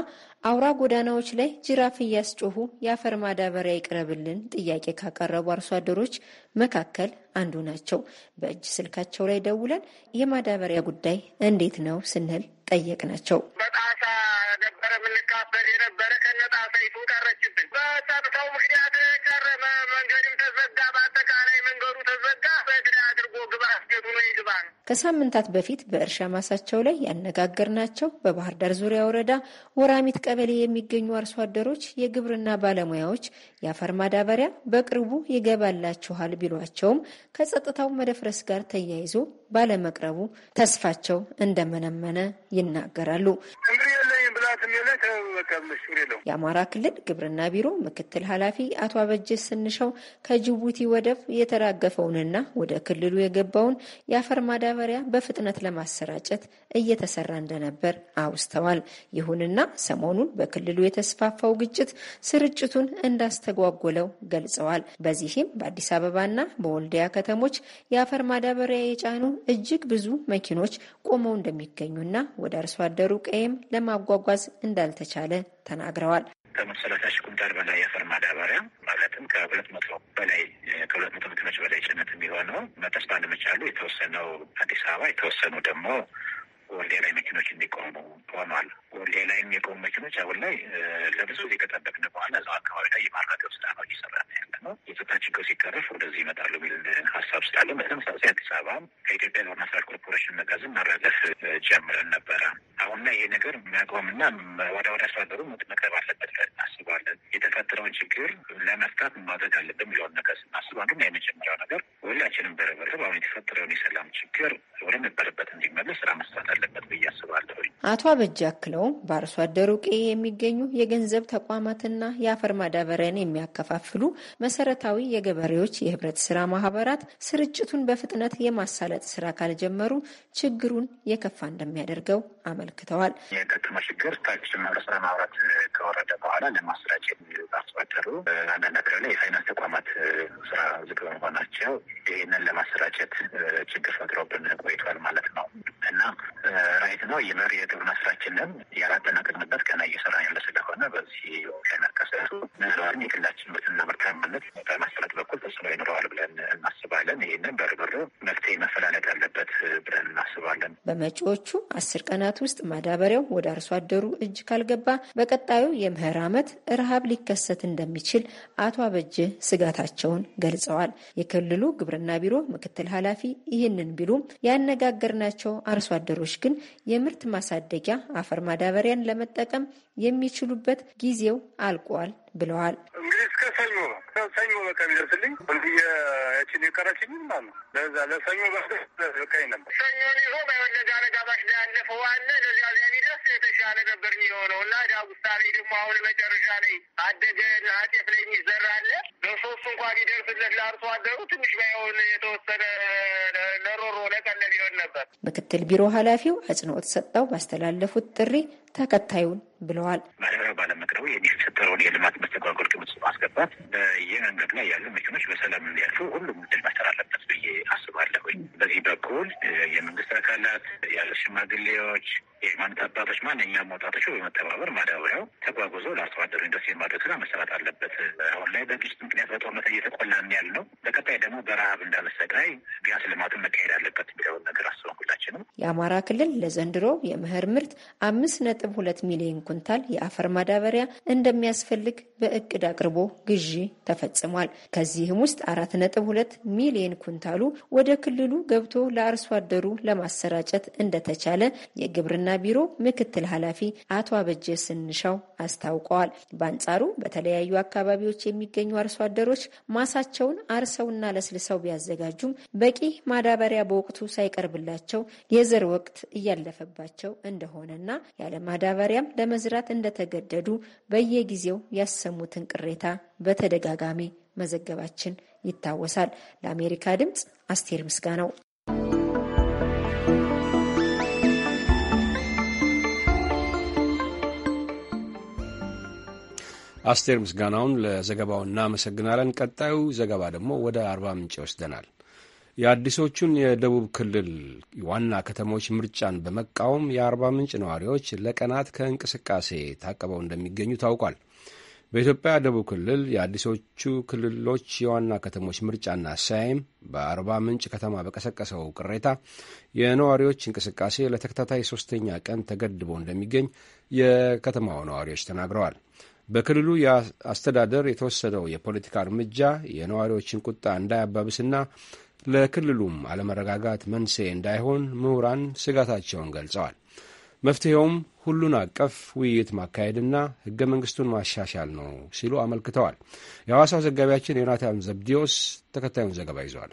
አውራ ጎዳናዎች ላይ ጅራፍ እያስጮሁ የአፈር ማዳበሪያ ይቅረብልን ጥያቄ ካቀረቡ አርሶ አደሮች መካከል አንዱ ናቸው። በእጅ ስልካቸው ላይ ደውለን የማዳበሪያ ጉዳይ እንዴት ነው ስንል ጠየቅ በጣሳ ነበረ የምንካፈል የነበረ ከነጣ ሰይቱ ቀረችብን። በጸጥታው ምክንያት ቀረ። መንገድም ተዘጋ። በአጠቃላይ መንገዱ ተዘጋ። በእግር አድርጎ ግባ አስገዱ ነው ይግባ ነው። ከሳምንታት በፊት በእርሻ ማሳቸው ላይ ያነጋገርናቸው በባህር ዳር ዙሪያ ወረዳ ወራሚት ቀበሌ የሚገኙ አርሶ አደሮች የግብርና ባለሙያዎች የአፈር ማዳበሪያ በቅርቡ ይገባላችኋል ቢሏቸውም ከጸጥታው መደፍረስ ጋር ተያይዞ ባለመቅረቡ ተስፋቸው እንደመነመነ ይናገራሉ። የአማራ ክልል ግብርና ቢሮ ምክትል ኃላፊ አቶ አበጀ ስንሸው ከጅቡቲ ወደብ የተራገፈውንና ወደ ክልሉ የገባውን የአፈር ማዳበሪያ በፍጥነት ለማሰራጨት እየተሰራ እንደነበር አውስተዋል። ይሁንና ሰሞኑን በክልሉ የተስፋፋው ግጭት ስርጭቱን እንዳስተጓጎለው ገልጸዋል። በዚህም በአዲስ አበባና በወልዲያ ከተሞች የአፈር ማዳበሪያ የጫኑ እጅግ ብዙ መኪኖች ቆመው እንደሚገኙና ወደ አርሶ አደሩ ቀይም ለማጓጓዝ እንዳልተቻለ ተናግረዋል። ከመሰላሳ ሺህ ኩንታል በላይ የአፈር ማዳበሪያ ማለትም ከሁለት መቶ በላይ ከሁለት መቶ መኪኖች በላይ ጭነት የሚሆነው መጠስ ባለመቻሉ የተወሰነው አዲስ አበባ የተወሰኑ ደግሞ ወልዴ ላይ መኪኖች እንዲቆሙ ሆኗል። ወልዴ ላይ የሚቆሙ መኪኖች አሁን ላይ ለብዙ ጊዜ ከጠበቅን በኋላ እዛው አካባቢ ላይ የማራገብ ስራ ነው እየሰራ ነው ያለ ነው። የጸጥታ ችግር ሲቀረፍ ወደዚህ ይመጣሉ የሚል ሀሳብ ስላለ በተመሳሳይ አዲስ አበባ ከኢትዮጵያ ዞና ስራ ኮርፖሬሽን መጋዘን ማራገፍ ጀምረን ነበረ። አሁን ላይ ይሄ ነገር መቆምና ወደ ወደ አስተዳደሩ መቅረብ አለበት እናስባለን። የተፈጠረውን ችግር ለመፍታት ማድረግ አለብን የሚለውን ነገር ስናስብ አንዱና የመጀመሪያው ነገር ሁላችንም በረበረብ አሁን የተፈጠረውን የሰላም ችግር ወደ ነበረበት እንዲመለስ ስራ መስራት አለ አለበት ብዬ አስባለሁ። አቶ አበጀ አክለውም በአርሶ አደሩ ቄ የሚገኙ የገንዘብ ተቋማትና የአፈር ማዳበሪያን የሚያከፋፍሉ መሰረታዊ የገበሬዎች የህብረት ስራ ማህበራት ስርጭቱን በፍጥነት የማሳለጥ ስራ ካልጀመሩ ችግሩን የከፋ እንደሚያደርገው አመልክተዋል። የገጠመ ችግር ታች ህብረት ስራ ማህበራት ከወረደ በኋላ ለማስራጭ አርሶ አደሩ አንዳንድ አካባቢ ላይ የፋይናንስ ተቋማት ስራ ዝግ በመሆናቸው ይህንን ለማሰራጨት ችግር ፈጥሮብን ቆይቷል። ነው የመሪ የግብርና ስራችንን ያላጠናቀቅንበት ገና እየሰራ ያለ ስለሆነ በዚህ የተጠቀሰቱ ህዝባን የግላችን ምርትና ምርታማነት በማስረት በኩል ተጽዕኖ ይኖረዋል ብለን እናስባለን። ይህንን በርብር መፍትሄ መፈላለግ አለበት ብለን እናስባለን። በመጪዎቹ አስር ቀናት ውስጥ ማዳበሪያው ወደ አርሶ አደሩ እጅ ካልገባ በቀጣዩ የምህር ዓመት ረሃብ ሊከሰት እንደሚችል አቶ አበጀ ስጋታቸውን ገልጸዋል። የክልሉ ግብርና ቢሮ ምክትል ኃላፊ ይህንን ቢሉም ያነጋገርናቸው አርሶ አደሮች ግን የምርት ማሳደጊያ አፈር ማዳበሪያን ለመጠቀም የሚችሉበት ጊዜው አልቆ ያውቀዋል ብለዋል። እንግዲህ እስከ ሰኞ ሰኞ በቃ የሚደርስልኝ ወንድዬ ያችን የቀረችኝ ማለት ነው። ለዛ ለሰኞ በቃ ይነበር ሰኞ ይሆ ባይሆን ነጋ ነጋ ባሽ ያለፈው አለ ለዚያ ዚያ ቢያንስ የተሻለ ነበር የሚሆነው እና ዳ ውሳኔ ደግሞ አሁን መጨረሻ ላይ አደገ ጤፍ ላይ የሚዘራ በሶስቱ እንኳን ሊደርስለት ለአርሶ አደሩ ትንሽ ባይሆን የተወሰነ ለሮሮ ለቀለብ ይሆን ነበር። ምክትል ቢሮ ኃላፊው አጽንኦት ሰጠው ባስተላለፉት ጥሪ ተከታዩን ብለዋል። ማዳበሪያው ባለመቅረቡ የሚፈጠረውን የልማት መስተጓጎል ግምት ማስገባት በየመንገድ ላይ ያሉ መኪኖች በሰላም እንዲያልፉ ሁሉም ድል መሰር አለበት ብዬ አስባለሁኝ። በዚህ በኩል የመንግስት አካላት ያሉ ሽማግሌዎች የሃይማኖት አባቶች ማንኛውም ወጣቶች በመተባበር ማዳበሪያው ተጓጉዞ ለአርሶ አደሩ ኢንዱስትሪ ማድረግ ስራ መሰራት አለበት። አሁን ላይ በግጭት ምክንያት በጦርነት እየተቆላን ያል ነው። በቀጣይ ደግሞ በረሀብ እንዳንሰቃይ ቢያንስ ልማትን መካሄድ አለበት የሚለውን ነገር አስበን ሁላችንም የአማራ ክልል ለዘንድሮ የምህር ምርት አምስት ነጥብ ሁለት ሚሊዮን ኩንታል የአፈር ማዳበሪያ እንደሚያስፈልግ በእቅድ አቅርቦ ግዢ ተፈጽሟል። ከዚህም ውስጥ አራት ነጥብ ሁለት ሚሊዮን ኩንታሉ ወደ ክልሉ ገብቶ ለአርሶ አደሩ ለማሰራጨት እንደተቻለ የግብርና ስልጠና ቢሮ ምክትል ኃላፊ አቶ አበጀ ስንሻው አስታውቀዋል። በአንጻሩ በተለያዩ አካባቢዎች የሚገኙ አርሶ አደሮች ማሳቸውን አርሰውና ለስልሰው ቢያዘጋጁም በቂ ማዳበሪያ በወቅቱ ሳይቀርብላቸው የዘር ወቅት እያለፈባቸው እንደሆነና ያለ ማዳበሪያም ለመዝራት እንደተገደዱ በየጊዜው ያሰሙትን ቅሬታ በተደጋጋሚ መዘገባችን ይታወሳል። ለአሜሪካ ድምፅ አስቴር ነው። አስቴር ምስጋናውን ለዘገባው እናመሰግናለን። ቀጣዩ ዘገባ ደግሞ ወደ አርባ ምንጭ ይወስደናል። የአዲሶቹን የደቡብ ክልል ዋና ከተሞች ምርጫን በመቃወም የአርባ ምንጭ ነዋሪዎች ለቀናት ከእንቅስቃሴ ታቅበው እንደሚገኙ ታውቋል። በኢትዮጵያ ደቡብ ክልል የአዲሶቹ ክልሎች የዋና ከተሞች ምርጫና ሳይም በአርባ ምንጭ ከተማ በቀሰቀሰው ቅሬታ የነዋሪዎች እንቅስቃሴ ለተከታታይ ሶስተኛ ቀን ተገድቦ እንደሚገኝ የከተማው ነዋሪዎች ተናግረዋል። በክልሉ አስተዳደር የተወሰደው የፖለቲካ እርምጃ የነዋሪዎችን ቁጣ እንዳያባብስና ለክልሉም አለመረጋጋት መንስኤ እንዳይሆን ምሁራን ስጋታቸውን ገልጸዋል። መፍትሄውም ሁሉን አቀፍ ውይይት ማካሄድና ህገ መንግስቱን ማሻሻል ነው ሲሉ አመልክተዋል። የሐዋሳው ዘጋቢያችን ዮናታን ዘብዲዮስ ተከታዩን ዘገባ ይዘዋል።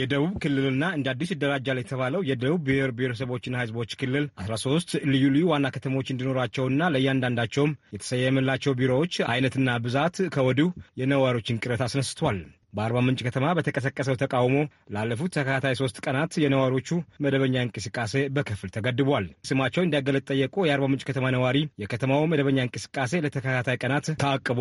የደቡብ ክልልና እንደ አዲስ ይደራጃል የተባለው የደቡብ ብሔር ብሔረሰቦችና ህዝቦች ክልል 13 ልዩ ልዩ ዋና ከተሞች እንዲኖራቸውና ለእያንዳንዳቸውም የተሰየመላቸው ቢሮዎች አይነትና ብዛት ከወዲሁ የነዋሪዎችን ቅሬታ አስነስቷል። በአርባ ምንጭ ከተማ በተቀሰቀሰው ተቃውሞ ላለፉት ተከታታይ ሶስት ቀናት የነዋሪዎቹ መደበኛ እንቅስቃሴ በከፊል ተገድቧል። ስማቸው እንዳይገለጥ ጠየቁ የአርባ ምንጭ ከተማ ነዋሪ የከተማው መደበኛ እንቅስቃሴ ለተከታታይ ቀናት ታቅቦ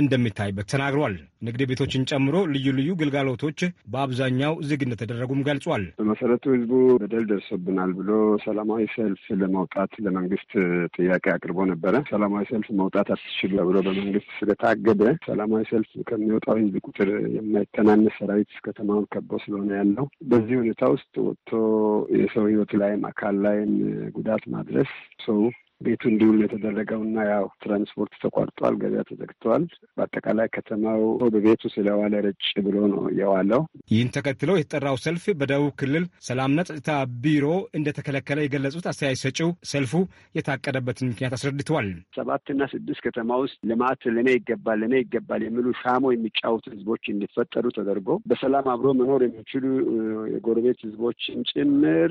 እንደሚታይበት ተናግሯል። ንግድ ቤቶችን ጨምሮ ልዩ ልዩ ግልጋሎቶች በአብዛኛው ዝግ እንደተደረጉም ገልጿል። በመሰረቱ ህዝቡ በደል ደርሶብናል ብሎ ሰላማዊ ሰልፍ ለመውጣት ለመንግስት ጥያቄ አቅርቦ ነበረ። ሰላማዊ ሰልፍ መውጣት አትችሉ ብሎ በመንግስት ስለታገደ ሰላማዊ ሰልፍ ከሚወጣው ህዝብ ቁጥር የማይተናነስ ሰራዊት ከተማውን ከቦ ስለሆነ ያለው በዚህ ሁኔታ ውስጥ ወጥቶ የሰው ህይወት ላይም አካል ላይም ጉዳት ማድረስ ሰው ቤቱ እንዲሁም የተደረገውና ያው ትራንስፖርት ተቋርጧል፣ ገበያ ተዘግተዋል። በአጠቃላይ ከተማው በቤቱ ስለዋለ ረጭ ብሎ ነው የዋለው። ይህን ተከትሎ የተጠራው ሰልፍ በደቡብ ክልል ሰላምና ጸጥታ ቢሮ እንደተከለከለ የገለጹት አስተያየት ሰጪው ሰልፉ የታቀደበትን ምክንያት አስረድተዋል። ሰባትና ስድስት ከተማ ውስጥ ልማት ለእኔ ይገባል ለእኔ ይገባል የሚሉ ሻሞ የሚጫወቱ ህዝቦች እንዲፈጠሩ ተደርጎ በሰላም አብሮ መኖር የሚችሉ የጎረቤት ህዝቦችን ጭምር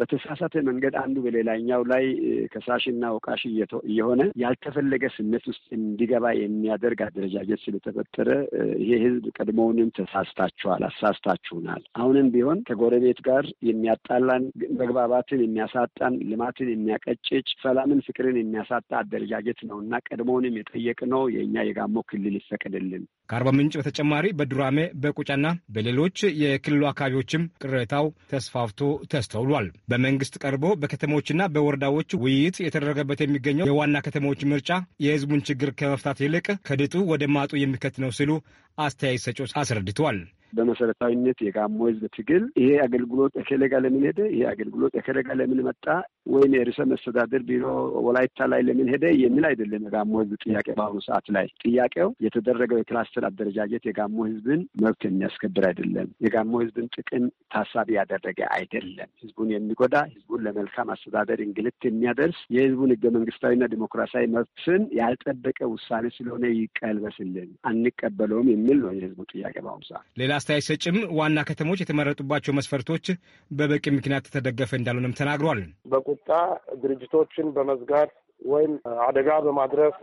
በተሳሳተ መንገድ አንዱ በሌላኛው ላይ ከሳሽ አስታዋሽና ወቃሽ እየሆነ ያልተፈለገ ስሜት ውስጥ እንዲገባ የሚያደርግ አደረጃጀት ስለተፈጠረ ይሄ ህዝብ ቀድሞውንም ተሳስታችኋል፣ አሳስታችሁናል፣ አሁንም ቢሆን ከጎረቤት ጋር የሚያጣላን መግባባትን የሚያሳጣን ልማትን የሚያቀጭጭ ሰላምን፣ ፍቅርን የሚያሳጣ አደረጃጀት ነው እና ቀድሞውንም የጠየቅነው የእኛ የጋሞ ክልል ይፈቀድልን ከአርባ ምንጭ በተጨማሪ በዱራሜ በቁጫና በሌሎች የክልሉ አካባቢዎችም ቅሬታው ተስፋፍቶ ተስተውሏል። በመንግስት ቀርቦ በከተሞችና በወረዳዎች ውይይት የተደረገበት የሚገኘው የዋና ከተሞች ምርጫ የህዝቡን ችግር ከመፍታት ይልቅ ከድጡ ወደ ማጡ የሚከት ነው ሲሉ አስተያየት ሰጪዎች አስረድተዋል። በመሰረታዊነት የጋሞ ህዝብ ትግል ይሄ አገልግሎት እከሌ ለምን ሄደ፣ ይሄ አገልግሎት እከሌ ለምን መጣ፣ ወይም የርዕሰ መስተዳደር ቢሮ ወላይታ ላይ ለምን ሄደ የሚል አይደለም። የጋሞ ህዝብ ጥያቄ በአሁኑ ሰዓት ላይ ጥያቄው የተደረገው የክላስተር አደረጃጀት የጋሞ ህዝብን መብት የሚያስከብር አይደለም። የጋሞ ህዝብን ጥቅም ታሳቢ ያደረገ አይደለም። ህዝቡን የሚጎዳ ህዝቡን ለመልካም አስተዳደር እንግልት የሚያደርስ የህዝቡን ህገ መንግስታዊና ዲሞክራሲያዊ መብትን ያልጠበቀ ውሳኔ ስለሆነ ይቀልበስልን፣ አንቀበለውም የሚል ነው የህዝቡ ጥያቄ በአሁኑ ሰዓት ሌላ አስተያየት ሰጭም ዋና ከተሞች የተመረጡባቸው መስፈርቶች በበቂ ምክንያት ተደገፈ እንዳልሆነም ተናግሯል። በቁጣ ድርጅቶችን በመዝጋት ወይም አደጋ በማድረስ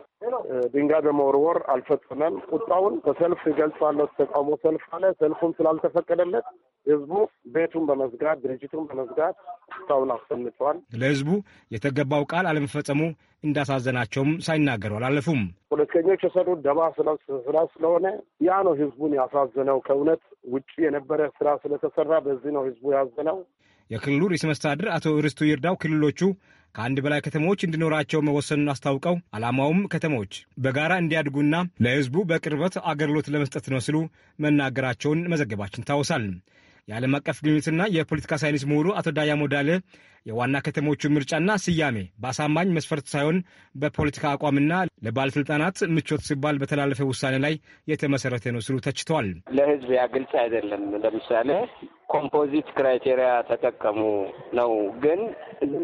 ድንጋይ በመወርወር አልፈጸመም። ቁጣውን በሰልፍ ይገልጻለሁ። ተቃውሞ ሰልፍ አለ። ሰልፉም ስላልተፈቀደለት ህዝቡ ቤቱን በመዝጋት ድርጅቱን በመዝጋት ቁጣውን አሰምተዋል። ለህዝቡ የተገባው ቃል አለመፈጸሙ እንዳሳዘናቸውም ሳይናገሩ አላለፉም። ፖለቲከኞች የሰሩት ደባ ስራ ስለሆነ ያ ነው ህዝቡን ያሳዘነው። ከእውነት ውጭ የነበረ ስራ ስለተሰራ በዚህ ነው ህዝቡ ያዘነው። የክልሉ ርዕሰ መስተዳድር አቶ ርስቱ ይርዳው ክልሎቹ ከአንድ በላይ ከተሞች እንዲኖራቸው መወሰኑን አስታውቀው ዓላማውም ከተሞች በጋራ እንዲያድጉና ለሕዝቡ በቅርበት አገልግሎት ለመስጠት ነው ሲሉ መናገራቸውን መዘገባችን ታወሳል። የዓለም አቀፍ ግንኙነትና የፖለቲካ ሳይንስ ምሁሩ አቶ ዳያ ሞዳለ የዋና ከተሞቹ ምርጫና ስያሜ በአሳማኝ መስፈርት ሳይሆን በፖለቲካ አቋምና ለባለስልጣናት ምቾት ሲባል በተላለፈ ውሳኔ ላይ የተመሰረተ ነው ሲሉ ተችተዋል። ለህዝብ ያ ግልጽ አይደለም። ለምሳሌ ኮምፖዚት ክራይቴሪያ ተጠቀሙ ነው፣ ግን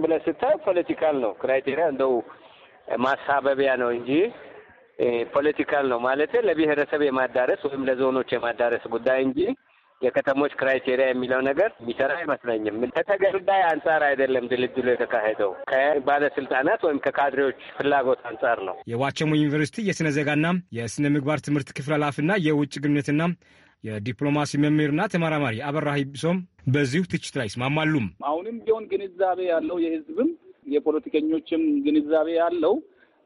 ብለህ ስታይ ፖለቲካል ነው። ክራይቴሪያ እንደው ማሳበቢያ ነው እንጂ ፖለቲካል ነው ማለት ለብሔረሰብ የማዳረስ ወይም ለዞኖች የማዳረስ ጉዳይ እንጂ የከተሞች ክራይቴሪያ የሚለው ነገር የሚሰራ አይመስለኝም። ከተገልዳይ አንጻር አይደለም ድልድሉ የተካሄደው ከባለስልጣናት ወይም ከካድሬዎች ፍላጎት አንጻር ነው። የዋቸሞ ዩኒቨርሲቲ የስነ ዜጋና የስነ ምግባር ትምህርት ክፍል ኃላፊና የውጭ ግንኙነትና የዲፕሎማሲ መምህርና ተመራማሪ አበራ ሂብሶም በዚሁ ትችት ላይ ይስማማሉ። አሁንም ቢሆን ግንዛቤ ያለው የህዝብም የፖለቲከኞችም ግንዛቤ ያለው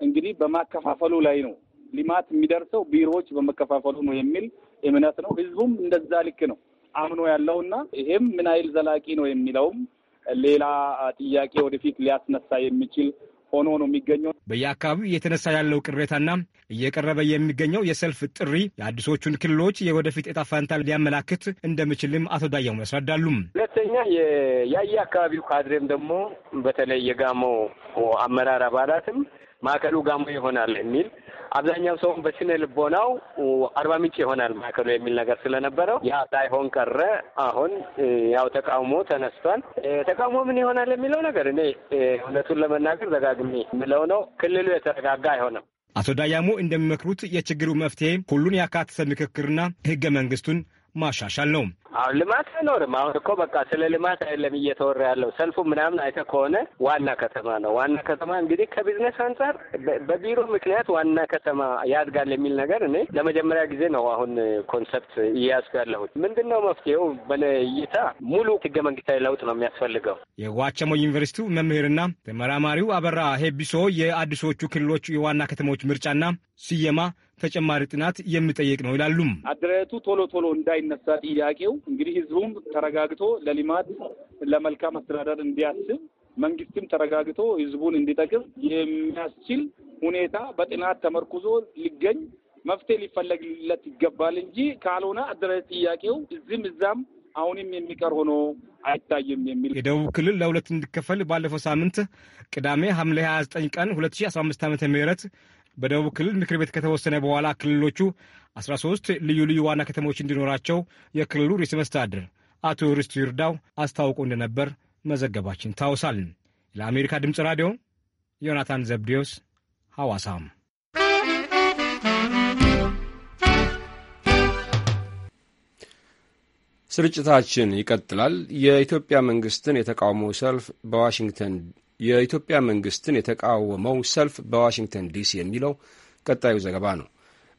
እንግዲህ በማከፋፈሉ ላይ ነው። ልማት የሚደርሰው ቢሮዎች በመከፋፈሉ ነው የሚል እምነት ነው። ህዝቡም እንደዛ ልክ ነው። አምኖ ያለውና ይሄም ምን ያህል ዘላቂ ነው የሚለውም ሌላ ጥያቄ ወደፊት ሊያስነሳ የሚችል ሆኖ ነው የሚገኘው። በየአካባቢው እየተነሳ ያለው ቅሬታና እየቀረበ የሚገኘው የሰልፍ ጥሪ የአዲሶቹን ክልሎች የወደፊት እጣ ፈንታ ሊያመላክት እንደሚችልም አቶ ዳየሙ ያስረዳሉ። ሁለተኛ የየ አካባቢው ካድሬም ደግሞ በተለይ የጋሞ አመራር አባላትም ማዕከሉ ጋሞ ይሆናል የሚል አብዛኛው ሰውን በስነ ልቦናው አርባ ምንጭ ይሆናል ማዕከሉ የሚል ነገር ስለነበረው ያ ሳይሆን ቀረ። አሁን ያው ተቃውሞ ተነስቷል። ተቃውሞ ምን ይሆናል የሚለው ነገር እኔ እውነቱን ለመናገር ደጋግሜ የምለው ነው፣ ክልሉ የተረጋጋ አይሆንም። አቶ ዳያሞ እንደሚመክሩት የችግሩ መፍትሄ ሁሉን ያካተተ ምክክርና ህገ መንግስቱን ማሻሻል ነው። አሁን ልማት አይኖርም። አሁን እኮ በቃ ስለ ልማት አይደለም እየተወራ ያለው። ሰልፉ ምናምን አይተ ከሆነ ዋና ከተማ ነው። ዋና ከተማ እንግዲህ ከቢዝነስ አንጻር በቢሮ ምክንያት ዋና ከተማ ያድጋል የሚል ነገር እኔ ለመጀመሪያ ጊዜ ነው አሁን ኮንሰፕት እያያዝኩ ያለሁት። ምንድን ነው መፍትሄው? በኔ እይታ ሙሉ ህገ መንግስታዊ ለውጥ ነው የሚያስፈልገው። የጓቸሞ ዩኒቨርሲቲ መምህርና ተመራማሪው አበራ ሄቢሶ የአዲሶቹ ክልሎች የዋና ከተሞች ምርጫና ስየማ ተጨማሪ ጥናት የሚጠይቅ ነው ይላሉም። አደረቱ ቶሎ ቶሎ እንዳይነሳ ጥያቄው እንግዲህ ህዝቡም ተረጋግቶ ለልማት ለመልካም አስተዳደር እንዲያስብ መንግስትም ተረጋግቶ ህዝቡን እንዲጠቅም የሚያስችል ሁኔታ በጥናት ተመርኩዞ ሊገኝ መፍትሄ ሊፈለግለት ይገባል እንጂ ካልሆነ አደረጃጀት ጥያቄው እዚህም እዛም አሁንም የሚቀር ሆኖ አይታይም የሚል የደቡብ ክልል ለሁለት እንዲከፈል ባለፈው ሳምንት ቅዳሜ ሐምሌ 29 ቀን 2015 ዓ ም በደቡብ ክልል ምክር ቤት ከተወሰነ በኋላ ክልሎቹ 13 ልዩ ልዩ ዋና ከተሞች እንዲኖራቸው የክልሉ ርዕሰ መስተዳድር አቶ ርስቱ ይርዳው አስታውቆ እንደነበር መዘገባችን ታውሳል። ለአሜሪካ ድምፅ ራዲዮ ዮናታን ዘብዴዎስ ሐዋሳም ስርጭታችን ይቀጥላል። የኢትዮጵያ መንግስትን የተቃውሞ ሰልፍ በዋሽንግተን የኢትዮጵያ መንግስትን የተቃወመው ሰልፍ በዋሽንግተን ዲሲ የሚለው ቀጣዩ ዘገባ ነው።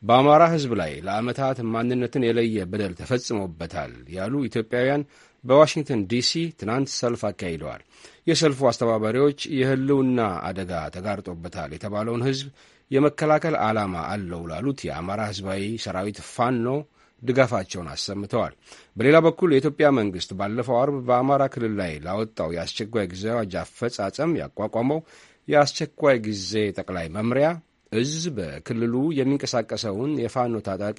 በአማራ ሕዝብ ላይ ለዓመታት ማንነትን የለየ በደል ተፈጽሞበታል ያሉ ኢትዮጵያውያን በዋሽንግተን ዲሲ ትናንት ሰልፍ አካሂደዋል። የሰልፉ አስተባባሪዎች የህልውና አደጋ ተጋርጦበታል የተባለውን ሕዝብ የመከላከል ዓላማ አለው ላሉት የአማራ ሕዝባዊ ሰራዊት ፋኖ ድጋፋቸውን አሰምተዋል። በሌላ በኩል የኢትዮጵያ መንግስት ባለፈው አርብ በአማራ ክልል ላይ ላወጣው የአስቸኳይ ጊዜ አዋጅ አፈጻጸም ያቋቋመው የአስቸኳይ ጊዜ ጠቅላይ መምሪያ እዝ በክልሉ የሚንቀሳቀሰውን የፋኖ ታጣቂ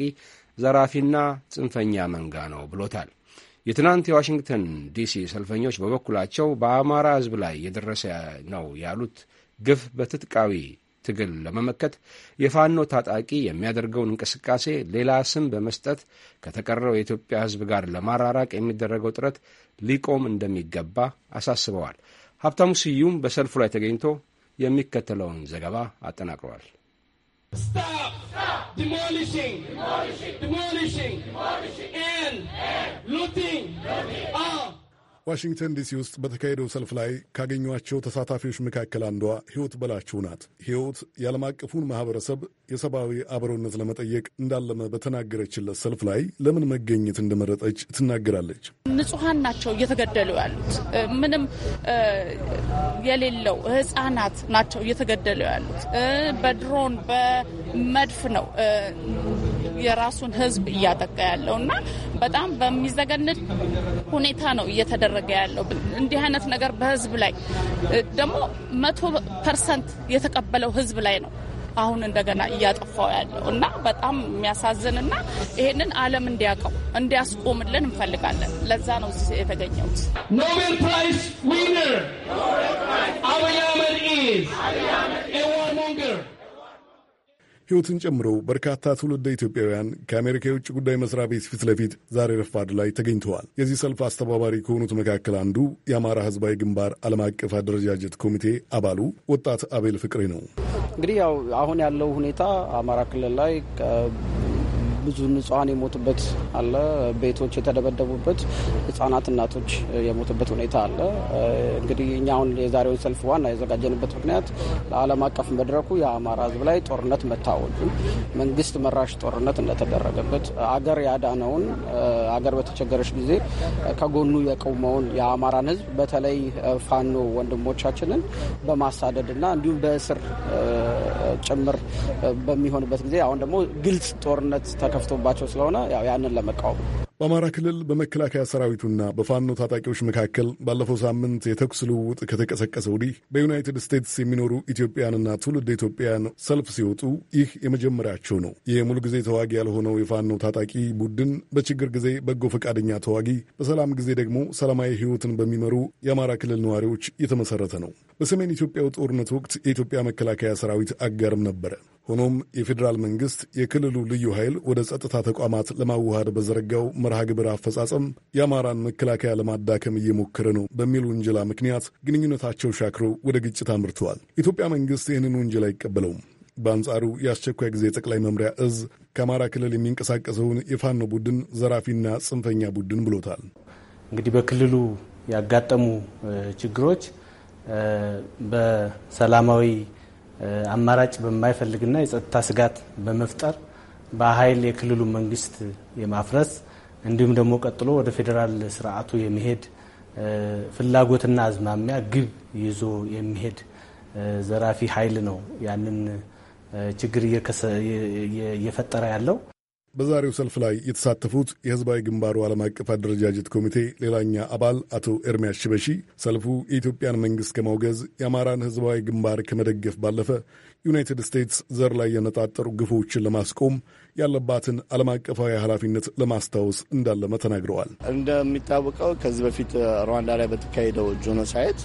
ዘራፊና ጽንፈኛ መንጋ ነው ብሎታል። የትናንት የዋሽንግተን ዲሲ ሰልፈኞች በበኩላቸው በአማራ ህዝብ ላይ የደረሰ ነው ያሉት ግፍ በትጥቃዊ ትግል ለመመከት የፋኖ ታጣቂ የሚያደርገውን እንቅስቃሴ ሌላ ስም በመስጠት ከተቀረው የኢትዮጵያ ሕዝብ ጋር ለማራራቅ የሚደረገው ጥረት ሊቆም እንደሚገባ አሳስበዋል። ሀብታሙ ስዩም በሰልፉ ላይ ተገኝቶ የሚከተለውን ዘገባ አጠናቅሯል። ዋሽንግተን ዲሲ ውስጥ በተካሄደው ሰልፍ ላይ ካገኟቸው ተሳታፊዎች መካከል አንዷ ሕይወት በላችሁ ናት። ሕይወት የዓለም አቀፉን ማህበረሰብ የሰብአዊ አብሮነት ለመጠየቅ እንዳለመ በተናገረችለት ሰልፍ ላይ ለምን መገኘት እንደመረጠች ትናገራለች። ንጹሐን ናቸው እየተገደሉ ያሉት። ምንም የሌለው ህጻናት ናቸው እየተገደሉ ያሉት። በድሮን በመድፍ ነው የራሱን ህዝብ እያጠቃ ያለው እና በጣም በሚዘገንድ ሁኔታ ነው እየተደረገ እያደረገ ያለው። እንዲህ አይነት ነገር በህዝብ ላይ ደግሞ መቶ ፐርሰንት የተቀበለው ህዝብ ላይ ነው አሁን እንደገና እያጠፋው ያለው እና በጣም የሚያሳዝን እና ይህንን ዓለም እንዲያውቀው እንዲያስቆምልን እንፈልጋለን። ለዛ ነው እዚህ የተገኘሁት። ኖቤል ፕራይስ ዊነር አብይ አህመድ ኢዝ ኤ ዋርሞንገር ሕይወትን ጨምሮ በርካታ ትውልደ ኢትዮጵያውያን ከአሜሪካ የውጭ ጉዳይ መስሪያ ቤት ፊት ለፊት ዛሬ ረፋድ ላይ ተገኝተዋል። የዚህ ሰልፍ አስተባባሪ ከሆኑት መካከል አንዱ የአማራ ሕዝባዊ ግንባር ዓለም አቀፍ አደረጃጀት ኮሚቴ አባሉ ወጣት አቤል ፍቅሬ ነው። እንግዲህ ያው አሁን ያለው ሁኔታ አማራ ክልል ላይ ብዙ ንጹሃን የሞቱበት አለ። ቤቶች የተደበደቡበት፣ ህጻናት እናቶች የሞቱበት ሁኔታ አለ። እንግዲህ እኛ አሁን የዛሬውን ሰልፍ ዋና ያዘጋጀንበት ምክንያት ለዓለም አቀፍ መድረኩ የአማራ ህዝብ ላይ ጦርነት መታወጁን መንግስት መራሽ ጦርነት እንደተደረገበት አገር ያዳነውን አገር በተቸገረች ጊዜ ከጎኑ የቆመውን የአማራን ህዝብ በተለይ ፋኖ ወንድሞቻችንን በማሳደድ እንዲሁም በእስር ጭምር በሚሆንበት ጊዜ አሁን ደግሞ ግልጽ ጦርነት ተከ ተከፍቶባቸው ስለሆነ ያው ያንን ለመቃወም በአማራ ክልል በመከላከያ ሰራዊቱና በፋኖ ታጣቂዎች መካከል ባለፈው ሳምንት የተኩስ ልውውጥ ከተቀሰቀሰ ወዲህ በዩናይትድ ስቴትስ የሚኖሩ ኢትዮጵያንና ትውልድ ኢትዮጵያን ሰልፍ ሲወጡ ይህ የመጀመሪያቸው ነው። የሙሉ ጊዜ ተዋጊ ያልሆነው የፋኖ ታጣቂ ቡድን በችግር ጊዜ በጎ ፈቃደኛ ተዋጊ፣ በሰላም ጊዜ ደግሞ ሰላማዊ ሕይወትን በሚመሩ የአማራ ክልል ነዋሪዎች የተመሰረተ ነው። በሰሜን ኢትዮጵያው ጦርነት ወቅት የኢትዮጵያ መከላከያ ሰራዊት አጋርም ነበረ። ሆኖም የፌዴራል መንግሥት የክልሉ ልዩ ኃይል ወደ ጸጥታ ተቋማት ለማዋሃድ በዘረጋው መርሃ ግብር አፈጻጸም የአማራን መከላከያ ለማዳከም እየሞከረ ነው በሚል ውንጀላ ምክንያት ግንኙነታቸው ሻክሮ ወደ ግጭት አምርተዋል። የኢትዮጵያ መንግሥት ይህንን ውንጀላ አይቀበለውም። በአንጻሩ የአስቸኳይ ጊዜ ጠቅላይ መምሪያ እዝ ከአማራ ክልል የሚንቀሳቀሰውን የፋኖ ቡድን ዘራፊና ጽንፈኛ ቡድን ብሎታል። እንግዲህ በክልሉ ያጋጠሙ ችግሮች በሰላማዊ አማራጭ በማይፈልግና የጸጥታ ስጋት በመፍጠር በኃይል የክልሉ መንግስት የማፍረስ እንዲሁም ደግሞ ቀጥሎ ወደ ፌዴራል ስርዓቱ የሚሄድ ፍላጎትና አዝማሚያ ግብ ይዞ የሚሄድ ዘራፊ ኃይል ነው ያንን ችግር እየፈጠረ ያለው። በዛሬው ሰልፍ ላይ የተሳተፉት የህዝባዊ ግንባሩ ዓለም አቀፍ አደረጃጀት ኮሚቴ ሌላኛ አባል አቶ ኤርሚያስ ሽበሺ ሰልፉ የኢትዮጵያን መንግሥት ከማውገዝ የአማራን ህዝባዊ ግንባር ከመደገፍ ባለፈ ዩናይትድ ስቴትስ ዘር ላይ የነጣጠሩ ግፎችን ለማስቆም ያለባትን ዓለም አቀፋዊ ኃላፊነት ለማስታወስ እንዳለመ ተናግረዋል። እንደሚታወቀው ከዚህ በፊት ሩዋንዳ ላይ በተካሄደው ጆኖሳይድ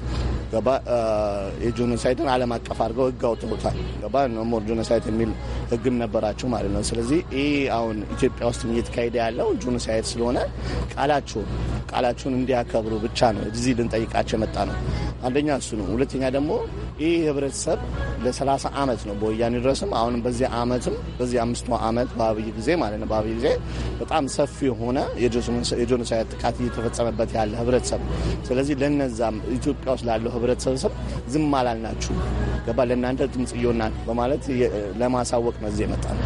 የጆኖሳይድን ዓለም አቀፍ አድርገው ህግ አውጥተውታል። ገባ ኖሞር ጆኖሳይድ የሚል ህግም ነበራቸው ማለት ነው። ስለዚህ ይህ አሁን ኢትዮጵያ ውስጥ እየተካሄደ ያለው ጆኖሳይድ ስለሆነ ቃላቸው ቃላቸውን እንዲያከብሩ ብቻ ነው እዚህ ልንጠይቃቸው የመጣ ነው። አንደኛ እሱ ነው። ሁለተኛ ደግሞ ይህ ህብረተሰብ ለ30 ዓመት አመት ነው። በወያኔ ድረስም አሁንም በዚህ አመትም በዚህ አምስቱ አመት በአብይ ጊዜ ማለት ነው። በአብይ ጊዜ በጣም ሰፊ የሆነ የጆኖሳይድ ጥቃት እየተፈጸመበት ያለ ህብረተሰብ። ስለዚህ ለነዛም ኢትዮጵያ ውስጥ ላለው ህብረተሰብ ዝም አላልናችሁ ገባ ለእናንተ ድምፅ እየሆናል በማለት ለማሳወቅ ነው እዚህ የመጣ ነው።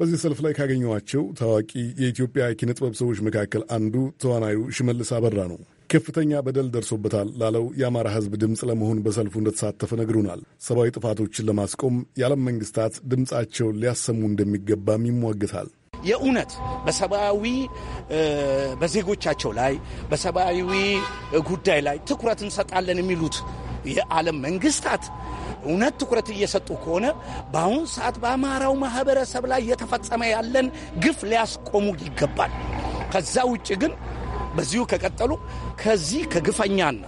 በዚህ ሰልፍ ላይ ካገኘኋቸው ታዋቂ የኢትዮጵያ ጥበብ ሰዎች መካከል አንዱ ተዋናዩ ሽመልስ አበራ ነው። ከፍተኛ በደል ደርሶበታል ላለው የአማራ ሕዝብ ድምፅ ለመሆን በሰልፉ እንደተሳተፈ ነግሩናል። ሰብአዊ ጥፋቶችን ለማስቆም የዓለም መንግስታት ድምፃቸውን ሊያሰሙ እንደሚገባም ይሟገታል። የእውነት በሰብአዊ በዜጎቻቸው ላይ በሰብአዊ ጉዳይ ላይ ትኩረት እንሰጣለን የሚሉት የዓለም መንግስታት እውነት ትኩረት እየሰጡ ከሆነ በአሁኑ ሰዓት በአማራው ማህበረሰብ ላይ እየተፈጸመ ያለን ግፍ ሊያስቆሙ ይገባል። ከዛ ውጭ ግን በዚሁ ከቀጠሉ ከዚህ ከግፈኛና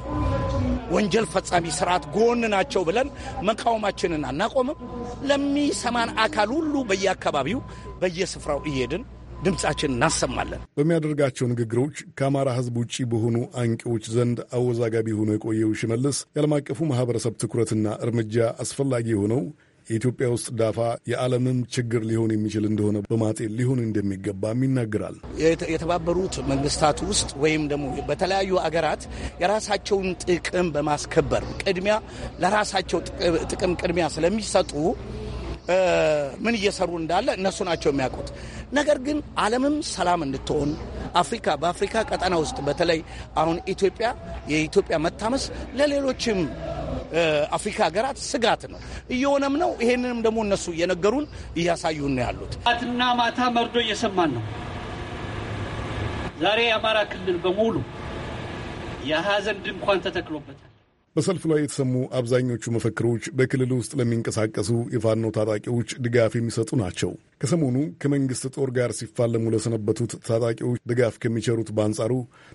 ወንጀል ፈጻሚ ስርዓት ጎን ናቸው ብለን መቃወማችንን አናቆምም። ለሚሰማን አካል ሁሉ በየአካባቢው በየስፍራው እየሄድን ድምፃችን እናሰማለን። በሚያደርጋቸው ንግግሮች ከአማራ ሕዝብ ውጭ በሆኑ አንቂዎች ዘንድ አወዛጋቢ ሆኖ የቆየው ሽመልስ የዓለም አቀፉ ማህበረሰብ ትኩረትና እርምጃ አስፈላጊ የሆነው የኢትዮጵያ ውስጥ ዳፋ የዓለምም ችግር ሊሆን የሚችል እንደሆነ በማጤን ሊሆን እንደሚገባም ይናገራል። የተባበሩት መንግስታት ውስጥ ወይም ደግሞ በተለያዩ አገራት የራሳቸውን ጥቅም በማስከበር ቅድሚያ ለራሳቸው ጥቅም ቅድሚያ ስለሚሰጡ ምን እየሰሩ እንዳለ እነሱ ናቸው የሚያውቁት። ነገር ግን ዓለምም ሰላም እንድትሆን አፍሪካ በአፍሪካ ቀጠና ውስጥ በተለይ አሁን ኢትዮጵያ የኢትዮጵያ መታመስ ለሌሎችም አፍሪካ ሀገራት ስጋት ነው፣ እየሆነም ነው። ይሄንንም ደግሞ እነሱ እየነገሩን እያሳዩን ነው ያሉት። ትና ማታ መርዶ እየሰማን ነው። ዛሬ የአማራ ክልል በሙሉ የሀዘን ድንኳን ተተክሎበታል። በሰልፉ ላይ የተሰሙ አብዛኞቹ መፈክሮች በክልል ውስጥ ለሚንቀሳቀሱ የፋኖ ታጣቂዎች ድጋፍ የሚሰጡ ናቸው። ከሰሞኑ ከመንግስት ጦር ጋር ሲፋለሙ ለሰነበቱት ታጣቂዎች ድጋፍ ከሚቸሩት በአንጻሩ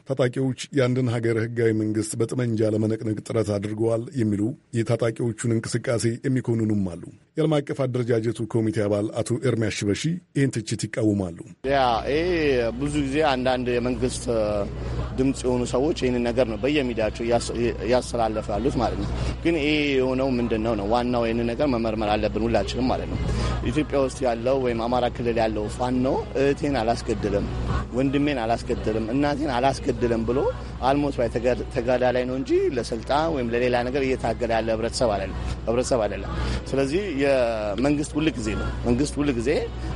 ታጣቂዎች የአንድን ሀገር ህጋዊ መንግስት በጠመንጃ ለመነቅነቅ ጥረት አድርገዋል የሚሉ የታጣቂዎቹን እንቅስቃሴ የሚኮንኑም አሉ። የዓለም አቀፍ አደረጃጀቱ ኮሚቴ አባል አቶ ኤርሚያስ ሽበሺ ይህን ትችት ይቃወማሉ። ይሄ ብዙ ጊዜ አንዳንድ የመንግስት ድምፅ የሆኑ ሰዎች ይህን ነገር ነው በየሚዲያቸው እያስተላለፉ ያሉት ማለት ነው። ግን ይሄ የሆነው ምንድን ነው ነው ዋናው ይህን ነገር መመርመር አለብን ሁላችንም ማለት ነው ኢትዮጵያ ውስጥ ያለው ወይም አማራ ክልል ያለው ፋኖ እህቴን አላስገድልም ወንድሜን አላስገድልም፣ እናቴን አላስገድልም ብሎ አልሞት ባይ ተጋዳላይ ነው እንጂ ለስልጣን ወይም ለሌላ ነገር እየታገለ ያለ ህብረተሰብ አይደለም። ስለዚህ የመንግስት ሁል ጊዜ ነው መንግስት ሁል ጊዜ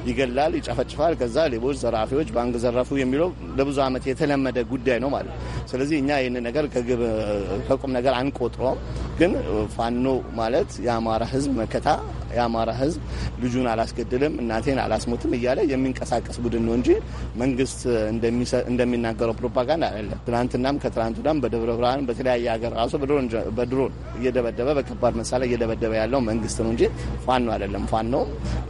ይገላል፣ ይጨፈጭፋል፣ ከዛ ሌቦች፣ ዘራፊዎች፣ ባንክ ዘረፉ የሚለው ለብዙ ዓመት የተለመደ ጉዳይ ነው ማለት። ስለዚህ እኛ ይህን ነገር ከግብ ከቁም ነገር አንቆጥሮም። ግን ፋኖ ማለት የአማራ ህዝብ መከታ የአማራ ህዝብ ልጁን አላስገድልም እናቴን አላስሞትም እያለ የሚንቀሳቀስ ቡድን ነው እንጂ መንግስት እንደሚናገረው ፕሮፓጋንዳ አይደለም። ትናንትናም ከትናንትናም በደብረ ብርሃን በተለያየ ሀገር ራሱ በድሮን እየደበደበ በከባድ መሳሪያ እየደበደበ ያለው መንግስት ነው እንጂ ፋኖ አይደለም። ፋኖ